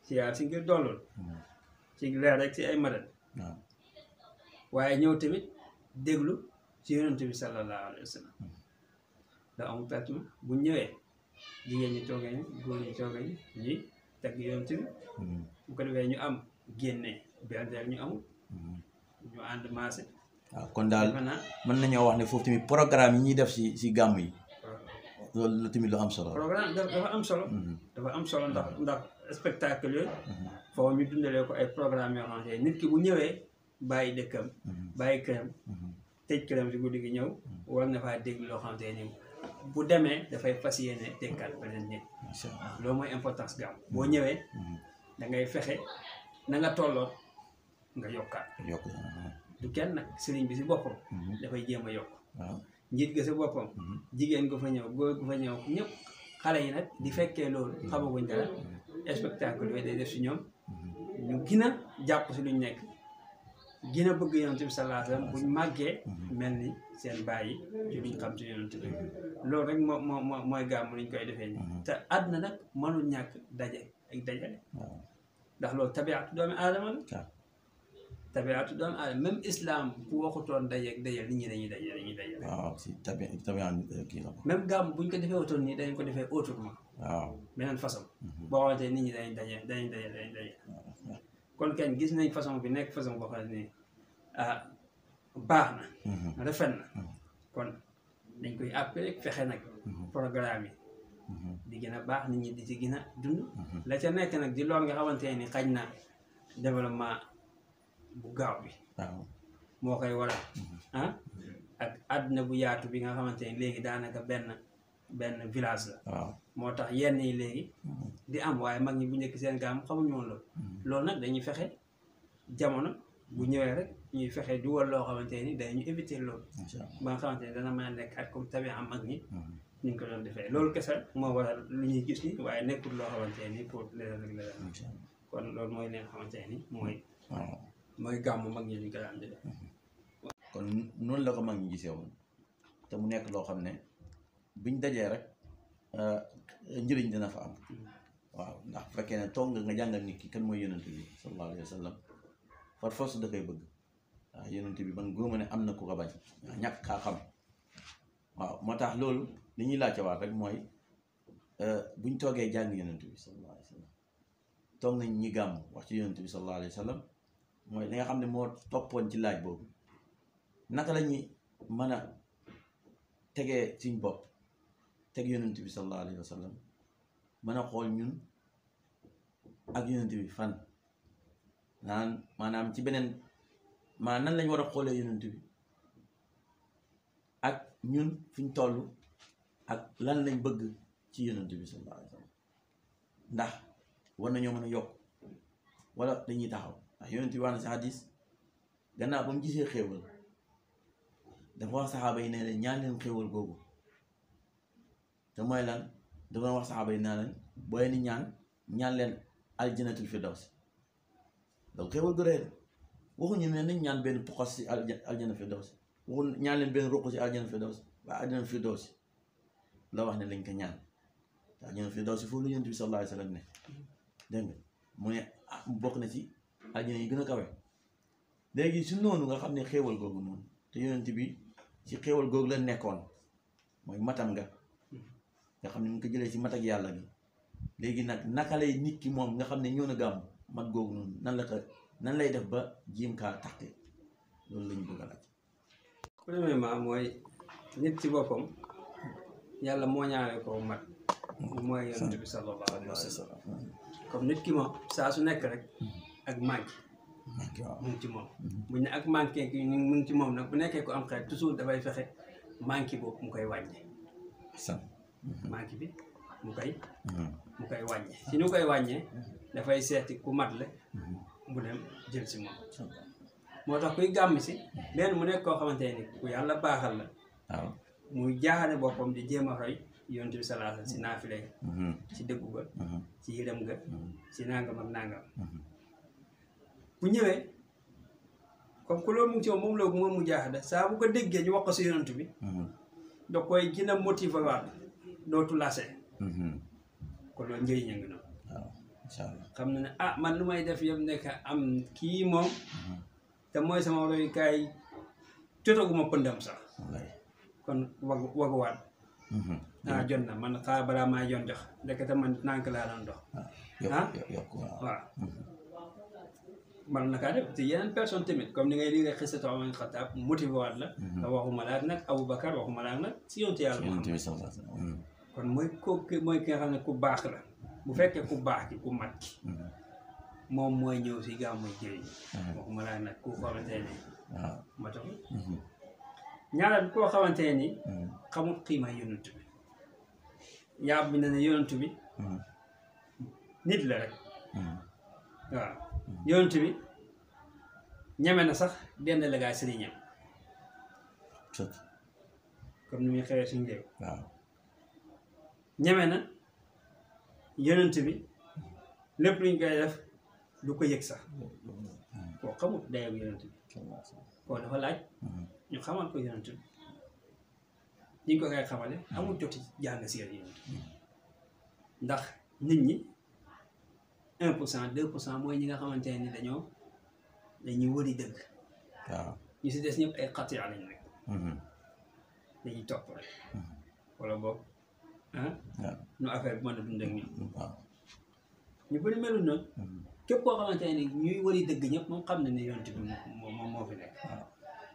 [SPEAKER 3] siyaar si ngir dollul ci leer rek ci ay madad waaye ñëw tamit déglu ci yonent bi sallallahu alayhi wa sallam da amul perte bu ñëwee jigéen ñi toogee ñi góor ñi toogee ñu hmm. am génne ñu amul hmm. ñu ànd maase waaw kon
[SPEAKER 2] mën nañoo wax ne foofu tamit programme yi ñuy def si si gàmm yi loolu tamit lu am solo
[SPEAKER 3] hmm. dafa am solo ndax ndax spectacle yooyu foofu ñu dundalee ko ay programme yoo xamante ne nit ki bu ñëwee bàyyi dëkkam mhm. bàyyi këram mhm. tëj këram si guddi gi ñëw war na faa dégg loo xamante ne bu demee dafay fas yéene dëkkaat beneen nit loolu mooy importance bi mhm. boo ñëwee dangay fexe na nga tolloo nga yokkaat du kenn nag sëriñ bi si boppam dafay jéem a yokk njiit ga si boppam jigéen gu fa ñëw góor gu fa ñëw ñëpp xale yi nag di fekkee loolu xamaguñ dara spectacle yooyu day def si ñoom ñu gën a jàpp si luñ nekk gën a bëgg yonent bi sallallahu alayhi wasallam buñ màggee mel ni seen bàyyi ci luñ xam ci yonent bi loolu rek moo moo moo mooy gàmmu koy defee ni mhm. te àdduna nag mënul ñàkk daje ak dajale ndax loolu tabiatu doomi aadama la tabiatu doomi aadama même islam bu waxutoon dañuy daje dañuy daje
[SPEAKER 2] waaw si tabi tabian eh, kii
[SPEAKER 3] buñ ko defee autour nii dañ ko defee autrement waaw beneen façon mhm. boo xamante nit ñi dañ daje daje dañ daje kon kañ gis nañ façon bi nekk façon boo xam ni ah baax na mhm. rafet na mhm. kon dañ koy appeler fexe nag mhm. programme yi di gën a baax nit ñi di ci gën a dund la ca nekk nag di lool nga xamante ni xaj na développement bu gaaw bi moo koy waral ah, ak àdduna bu yaatu bi nga xamante ni léegi daanaka benn benn village la. waaw moo tax yenn yi léegi. di am waaye mag ñi bu njëkk seen gaam xamuñu woon loolu. Mm-hmm. nag dañuy fexe jamono bu ñëwee rek ñuy fexe di wal loo xamante ni dañu éviter loolu. ba nga xamante a nekk ak comme tamit am mag ñi. Mm-hmm. ñu ngi ko doon defee loolu kese moo waral lu ñuy gis ni waaye nekkul loo xamante ni pour leneen rek leneen. kon loolu mooy li nga xamante ni mooy. mooy gàmmu mag ñi ñu ko daan defee. Mm-hmm.
[SPEAKER 2] kon noonu la ko mag ñi gisee woon te mu nekk loo xam ne. buñ dajee rek euh, njëriñ dina fa am waaw ndax bu fekkee ne toog nga nga jàngal nit ki kan mooy yonent bi sallallahu alayhi wa sallam par force da koy bëgg waaw yonent bi man góoma ne am na ku ko bañ waaw ñàkk kaa xam waaw moo tax loolu li ñuy laajte waat rek mooy euh, buñ toogee jàng yonent bi sallallahu alayhi wa nañ ñi gàmm wax ci yonent bi sallallahu alayhi wa sallam mooy li nga xam ne moo toppoon ci laaj boobu naka la ñuy mën a tegee suñ bopp teg yonent bi sallallahu alayhi wa mën a xool ñun ak yonent bi fan naan maanaam ci beneen maa nan lañ war a xoolee yonent bi ak ñun fiñ toll ak lan lañ bëgg ci yonent bi sallallahu alayhi wa ndax war nañoo mën a yokk wala dañuy taxaw ndax yonent bi wax na si hadis gannaaw ba mu gisee xéewal dafa wax saxaaba yi nee ne ñaan leen xéewal googu te mooy lan da doon wax saxaaba yi boo leen ñaan ñaan leen aljanatul firdaws donc xéwal gu rëy la waxuñu ne nañ ñaan benn poxos si aljana firdaws waxu ñaan leen benn ruq si aljana firdaws waaye aljana firdaws la wax ne lañ ko ñaan te aljana firdaws foofu la yonent bi sallallahu alayhi wa sallam ne dégg nga mu ne ah, bokk na ci aljana yi gën a kawe léegi su noonu nga xam ne xéewal googu noonu te yonent bi ci xéewal googu la nekkoon mooy matam nga nga xam ne mu ko jëlee ci mat yàlla léegi nag naka lay nit ki moom nga xam ne ñëw na gàmm mat googu noonu nan la ko nan lay def ba jéem kaa taxte loolu
[SPEAKER 3] ci boppam yàlla moo ñaare ko mat. mooy yonent bi sallallahu comme nit ki moom saa su nekk rek ak manqué mu ngi ci moom mhm. buñ ak manqué ki mu ci moom nag bu nekkee ko am xel toujours dafay fexe manqué boobu mu koy wàññi manque bi mu koy hmm. mu koy wàññi si ñu koy wàññee dafay seeti ku mat la hmm. mu dem jël si moom moo tax kuy gàmm si benn mu nekk koo xamante ni ku yàlla baaxal la waaw muy jaaxale boppam di jéem a roy yonent bi salaasa si ci dëggu ga ci hmm. yërëm ga ci bu ñëwee comme ku loolu mu ngi ci moom loolu moom mu jaaxle saa bu ko déggee ñu wax si yonent bi da koy gën a motiver waat dootu lase mhm. kon loolu njëriñ ngi noonu xam na ne ah man lu may def yëpp nekk am kii moom mhm. te mooy sama royukaay jotaguma pëndam sax kon wagu waguwaat ah jot na man xaar balaa maa yoon jox ndekete man nànk laa doon dox ah, ah? waaw man nakaa tamit comme ni ngay lii rek xisatu Omar Xataab motivé waat la waxuma nag Aboubacar waxuma laa nag si yonte kon mooy kooku mooy ki nga xam ne ku baax la bu fekkee ku baax ki ku mat ki mm-hmm. moom mooy ñëw si gàmmu jëriñ mm-hmm. waxuma laa nag ku xamante ne waaw ah. mm-hmm. koo xamante ni xamul xiima yonent bi yaa bi ne ne yonent bi nit la rek waaw yonent bi ñeme na sax dend la gaa sëriñam comme ni muy xewee si réew ñeme na yonent bi lépp luñ koy def du ko yëg sax koo xamul dayam yonent bi koo dafa laaj ñu xamal ko yonent bi ñi ko koy xamale amul joti jàng sier yonent ndax nit ñi un pour cent deux pour cent mooy ñi nga xamante ni dañoo dañuy wëri dëgg waaw ñu si des ñëpp ay xati lañ rek mm-hmm. dañuy topp rek mm-hmm. wala boog ah. nu affaire bi mën a dund ak ñu bëri melul noonu. Hmm. képp koo xamante ne ñuy wari dëgg ñëpp moom xam na ne yonent bi moom moo fi nekk.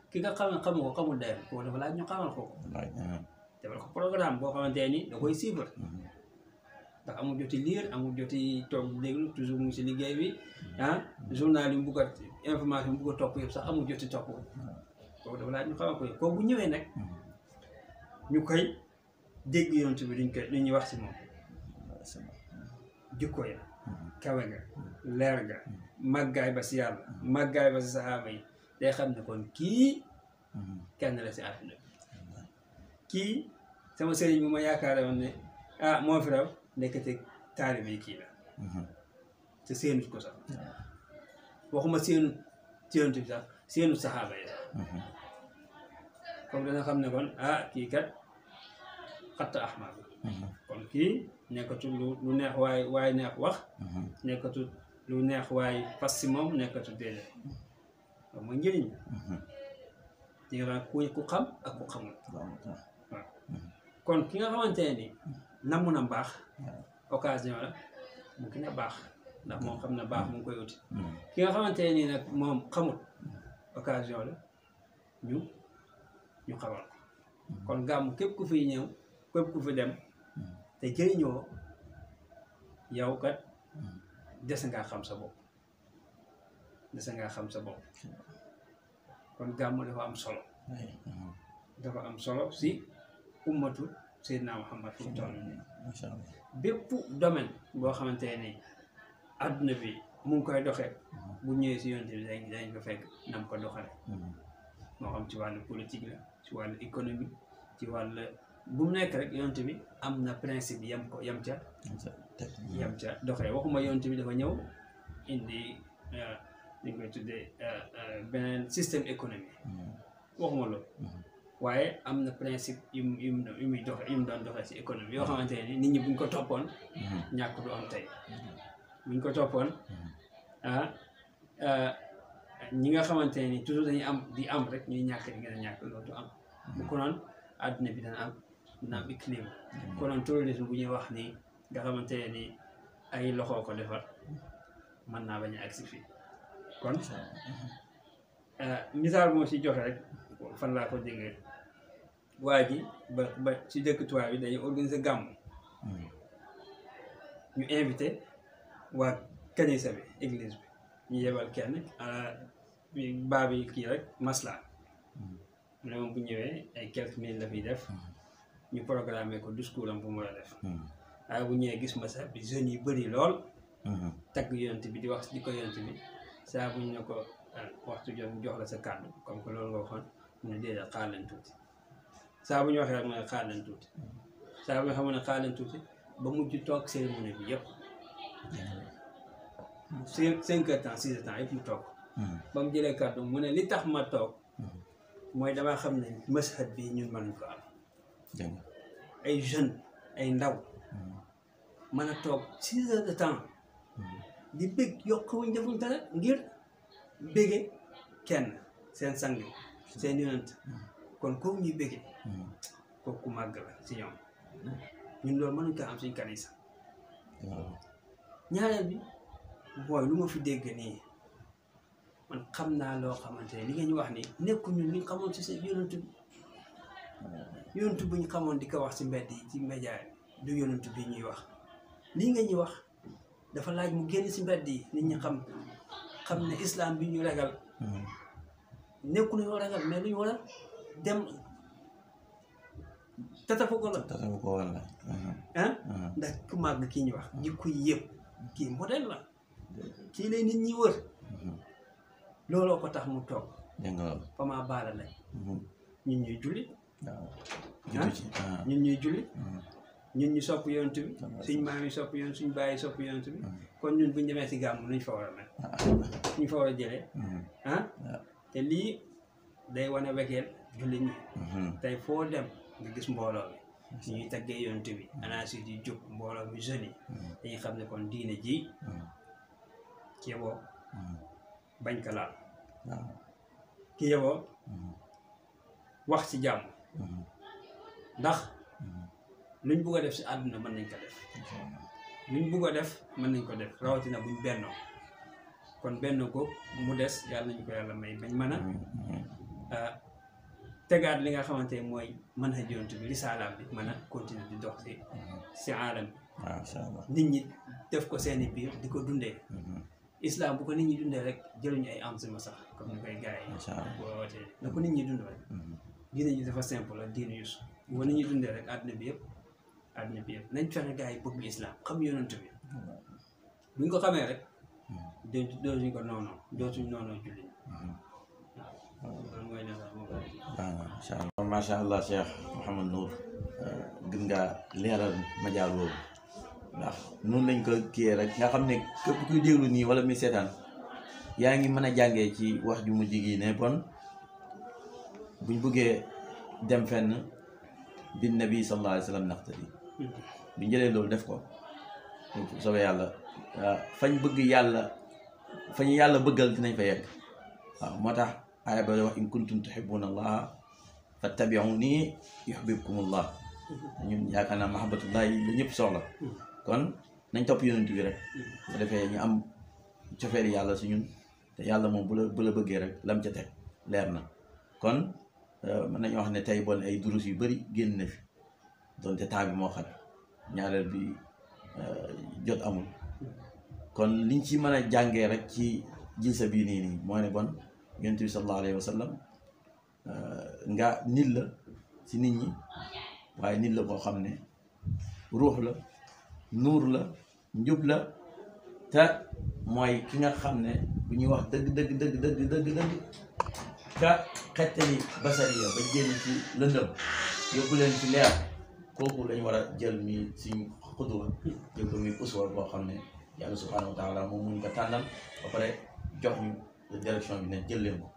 [SPEAKER 3] ki nga xam ne xamu ko xamul dayoo kooku dafa laaj ñu xamal ko. defal ko programme boo xamante da koy suivre. Hmm. ndax joti lire amul joti toog déglu toujours mu ngi si bi ah journal yi mu bugg a topp yëpp sax amul joti topp ko. Hmm. kooku dafa laaj ñu xamal ko yëpp ñëwee nag ñu koy. dégg yonent bi duñ koy lu wax si moom jukko ya kawe nga leer nga màggaay ba si yàlla màggaay ba si saxaaba yi day xam ne kon kii kenn la si àdduna kii sama sëriñ bi ma yaakaare ne ah, moo fi raw nekkati taalibe yi kii la seenut ko sax waxuma seenut yonent bi sax seenut saxaaba yi sax
[SPEAKER 4] mhm.
[SPEAKER 3] dana xam ne kon ah, kii kat xatt ahmar mhm. kon kii nekkatul lu lu neex waay waay neex wax mhm. nekkatul lu neex waay fas si moom nekkatul déedéet loolu mooy njëriñ mhm. ki nga xamante ne namm na mbaax occasion la mu ki na baax ndax moom xam na baax mu ngi koy uti ki nga xamante ne nag moom xamul occasion la ñu ñu xamal kon gàmm képp ku fiy ñëw képp ku fi dem te jëriñoo yow kat des ngaa xam sa bopp des ngaa xam sa bopp kon gàmmu dafa am solo dafa am solo si ummatu Seydina Muhammad fu mu nii bépp domaine boo xamante ne adduna bi mu ngi koy doxee bu ñëwee si yonte bi dañ dañ ko fekk nam ko doxale hmm. moo xam ci wàllu politique ci wàllu économie ci wàllu bu mu nekk rek yonent bi am na principe yam ko yam ca yam ca doxee waxuma yonent bi dafa ñëw indi li euh, koy tuddee euh, euh, beneen système économique hmm. waxuma loolu hmm. waaye am na principe yu mu yu mu yu muy doxe yu mu daan doxee si économie yoo xamante ne nit ñi buñ ko toppoon hmm. ñàkk du am tey buñ ko toppoon ah ñi nga xamante ne ni toujours dañuy am di am rek ñuy ñàkk di gën loolu du am bu ko noonu bi dana am naam iklim mm-hmm. konoon tourisme bu ñuy wax ni nga xamante ni ay loxo ko defar mën naa bañ a si fii kon mm-hmm. euh, misaal moo ci joxe rek fan laa ko déggee waa ji ba ci dëkk tubaab bi dañuy organiser gàmm mm-hmm. ñu invité waa kanisa bi église bi ñu yebal kenn baabi kii rek masla mu ne moom bu ñëwee ay quelques minutes la fiy def ñu programmé ko discours am bu mu war a def. Hmm. waaye bu ñëwee gis ma sax bi jeunes yi bëri lool. Hmm. tagg yonent bi di wax di ko yonent bi saa bu ñu ne ko ah, waxtu jox la sa kàddu comme que loolu nga waxoon mu ne déedéet xaar tuuti saa bu ñu waxee rek mu ne xaar tuuti saa bu ñu xamoon ne xaar ba mujj toog cérémonie bi yëpp. cinq heures temps six temps yëpp mu toog. Hmm. ba mu jëlee kàddu mu ne li tax ma toog. mooy damaa xam ne mësxat bi ñun mënuñ ko am. dégg nga ay jeunes ay ndaw mën a toog six heures de temps di bég yokkuwuñ defuñ dara ngir bége kenn seen sang seen yonent kon kooku ñuy bége kooku màgg la si ñoom ñun loolu mënuñ ko am suñ kanisa ñaareel bi booy lu ma fi dégg nii man xam naa loo xamante ne li ngeen wax ni nekku ñun liñ xamoon si seen yonent bi yonent bu ñu xamoon di ko wax ci mbedd yi ci média du yonent bi ñuy wax lii nga ñuy wax dafa laaj mu génn ci mbedd yi nit ñu xam xam ne islam bi ñu ragal nekku lu ñoo ragal mais lu war dem tatafu ko la
[SPEAKER 2] tatafu uh-huh. ndax
[SPEAKER 3] ku màgg kii ñu wax uh-huh. jikko yi yëpp kii modèle la kii lay nit ñi wër uh-huh. looloo ko tax mu toog fama baara la ñun ñuy jullit Ah? ah ñun ñuy julli hmm. ñun ñu sopp yonent bi ah, suñ maam yi sopp yonent suñ bàyyi sopp yonent bi hmm. kon ñun buñu demee si gàmm luñ fa war a mel suñ ah, fa war hmm. te lii day wane wekeel julli ñi tey foo dem nga gis mbooloo bi suñuy taggee yonent bi anaasit yi jóg mbooloo mi jeunes xam ne kon diine ji ki yeboo bañ ko laal ki yeboo wax ci jàmm ndax luñ bugg a def si àdduna mën nañ ko def luñ bugg def mën nañ ko def rawatina buñ benno kon benn ko mu des yàlla nañu ko yàlla may bañ mën a ah, tegaat li nga xamante ne mooy mën a jontu bi risaalaam bi mën a continuer di dox si si aalam bi nit ñi def ko seeni biir di ko dundee islam bu ko nit ñi dundee rek jëluñu ay am sima sax comme ni koy gars yi wootee na ko nit ñi dund rek diine ji dafa simple la diine yu wa ni ñuy dundee rek àddina bi yëpp àddina bi yëpp nañ fexe gars yi bëgg islam xam yonent bi buñ ko xamee rek doo ñu ko noonu dootuñ noonu julli
[SPEAKER 2] macha allah macha allah Cheikh Mouhamed Nour euh, gën ngaa leeral majaal boobu ndax noonu lañ ko kiyee rek nga xam ne képp kuy déglu nii wala muy seetaan yaa ngi mën a jàngee ci wax ju mu gi ne bon ñu bëggee dem fenn bi nabi sallallahu alayhi wa sallam bu bi njëlee loolu def ko soobee yàlla ah, fañ bëgg yàlla fañ yàlla bëggal dinañ fa yegg moo tax aaya ba wax in kuntum tuhibbuna allaha fattabi'uni yuhibbukum allah ñun yaakaar naa mahabbatullahi la ñëpp soxla kon nañ topp yonent bi rek su defee ñu am cofeer yàlla si ñun te yàlla moom bu la bëggee rek lam ca teg leer na Euh, mën nañu wax ne tey bon ay durus yu bari génn na fi donte temps bi moo xam ñaareel bi euh, jot amul kon liñ ci mën a jàngee rek ci jilsa bii nii nii moo ne bon yonent bi sallallahu alayhi wa sallam euh, nga nit la ci nit ñi waaye nit la koo xam ne ruux la nuur la njub la te mooy ki nga xam ne bu ñuy wax dëgg dëgg dëgg dëgg dëgg dëgg ka xettali basariya ba génn ci lëndëm yóbbu leen ci leer kooku lañ war a jël mi suñ xudwa jël ko mi uswa boo xam ne yàlla subhanahu wa taala moom muñ ko tànnal ba pare jox ñu direction bi ne jël leen ko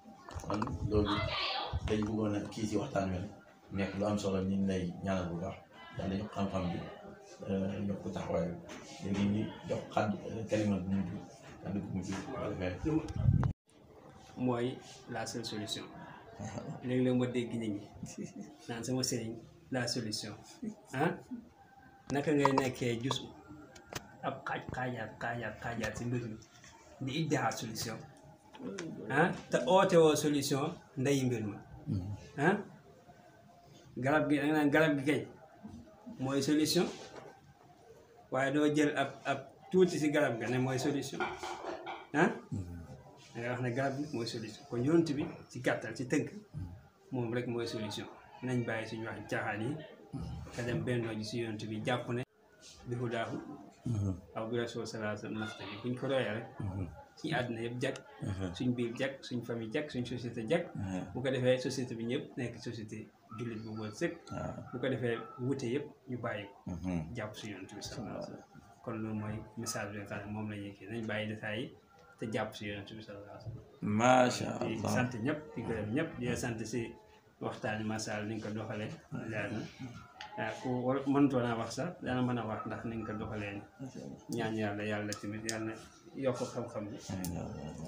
[SPEAKER 2] man loolu wi nekk lu am solo ñu ngi lay ñaanal bu baax yàlla ñu xam-xam bi ñoo euh, ko taxawaay léegi ñu jox xadd euh, kalima bu mujj kàddu bu mujj
[SPEAKER 3] mooy la seule solution léegi léeg ma dégg nit ñi naan sama sëriñ la solution ah naka ngay nekkee jus ab xaaj xaajaat xaajaat xaajaat si mbir mi di iddaxaat solution ah te oote solution nday mbir ma ah garab gi da nga naan garab gi kay mooy solution waaye doo jël ab ab tuuti si garab ga ne mooy solution ah da ngay wax ne garab bi mooy solution kon yonent bi si gàttal si tënk moom rek mooy solution nañ bàyyi suñu wax caaxaan yi te dem bennoo ji si bi jàpp ne bi hudaahu mhm. aw bi rasul sallallahu alayhi wasallam naxtaji buñ ko royee rek suñu mhm. àddina yëpp jag mhm. suñ biir jag suñ famille jag suñ société jag bu ko defee société bi ñëpp nekk société jullit bu wër ah. bu ko defee wute yëpp ñu bàyyi ko jàpp si yonent bi sallallahu alayhi wasallam kon loolu mooy message bi nga xam moom la ñuy kii nañ bàyyi détails yi jàpp si yonent bi sallallahu alayhi wa sallam. macha allah di sant ñëpp di gërëm ñëpp di la si waxtaan bi macha allah ni nga ko doxalee. leer na ah ku war mënutoo naa wax sax dana mën a wax ndax ni nga ko doxalee ñaan yàlla yàlla tamit yàlla. yokk xam-xam bi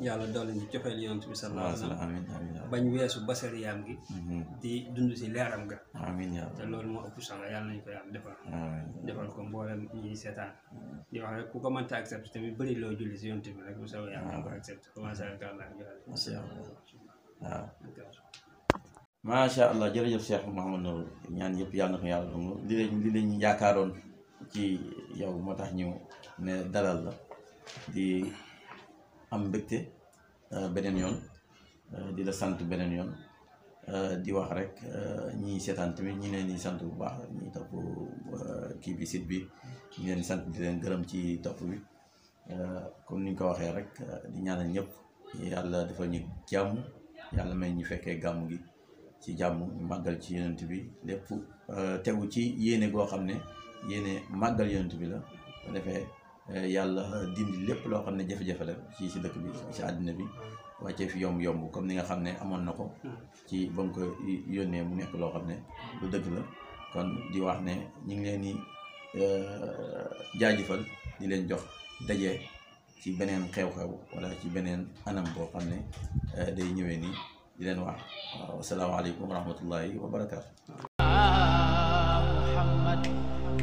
[SPEAKER 3] yàlla doole ñu joxeel yonent bi sallallahu alayhi wa sallam bañ weesu basariyaam gi mm-hmm. di dund si leeram ga te loolu moo ëpp solo yàlla nañu ko yàlla defal defal ko mboolem ñi seetaan di wax ku ko mënta accepté tamit bëri loo julli si yonent bi rek bu soobee yàlla ko Allah joxe
[SPEAKER 2] waaw macha allah jërëjëf ñaan yëpp yàlla na ko yàlla dong li lañ yaakaaroon ci yow moo tax ñëw ne dalal la di am mbégte euh, beneen yoon euh, di la sant beneen yoon euh, di wax rek ñi seetaan tamit ñi leen di sant bu baax ñi topp kii bi sit bi ñi leen sant di leen gërëm ci topp bi comme ni ñu ko waxee rek di ñaanal ñépp yàlla dafa ñu jàmm yàlla may ñu fekkee gàmm gi ci jàmm ñu màggal ci yonent bi lépp tegu ci yéene goo xam ne yéene màggal yonent bi la bu yàlla dindi lépp loo xam ne jafe-jafe la ci si dëkk bi ci àddina bi wàccee fi yomb yomb comme ni nga xam ne amoon na ko ci ba mu ko yónnee mu nekk loo xam ne lu dëgg la kon di wax ne ñu ngi leen di euh, jaajëfal di leen jox daje ci beneen xew-xew wala ci beneen anam boo xam ne euh, day ñëwee nii di leen wax waaw asalaamaaleykum wa rahmatullahi wa barakaatu.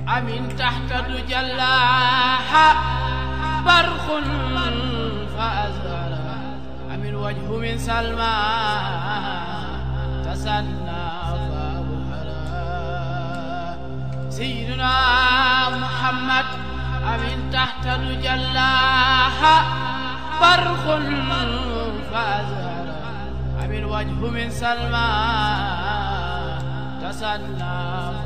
[SPEAKER 1] أمن تحت جلاح برخ فأزهر أمن وجه من سلمى تسنى فأبهر سيدنا محمد أمن تحت جلاح برخ فأزهر أمن وجه من سلمى تسنى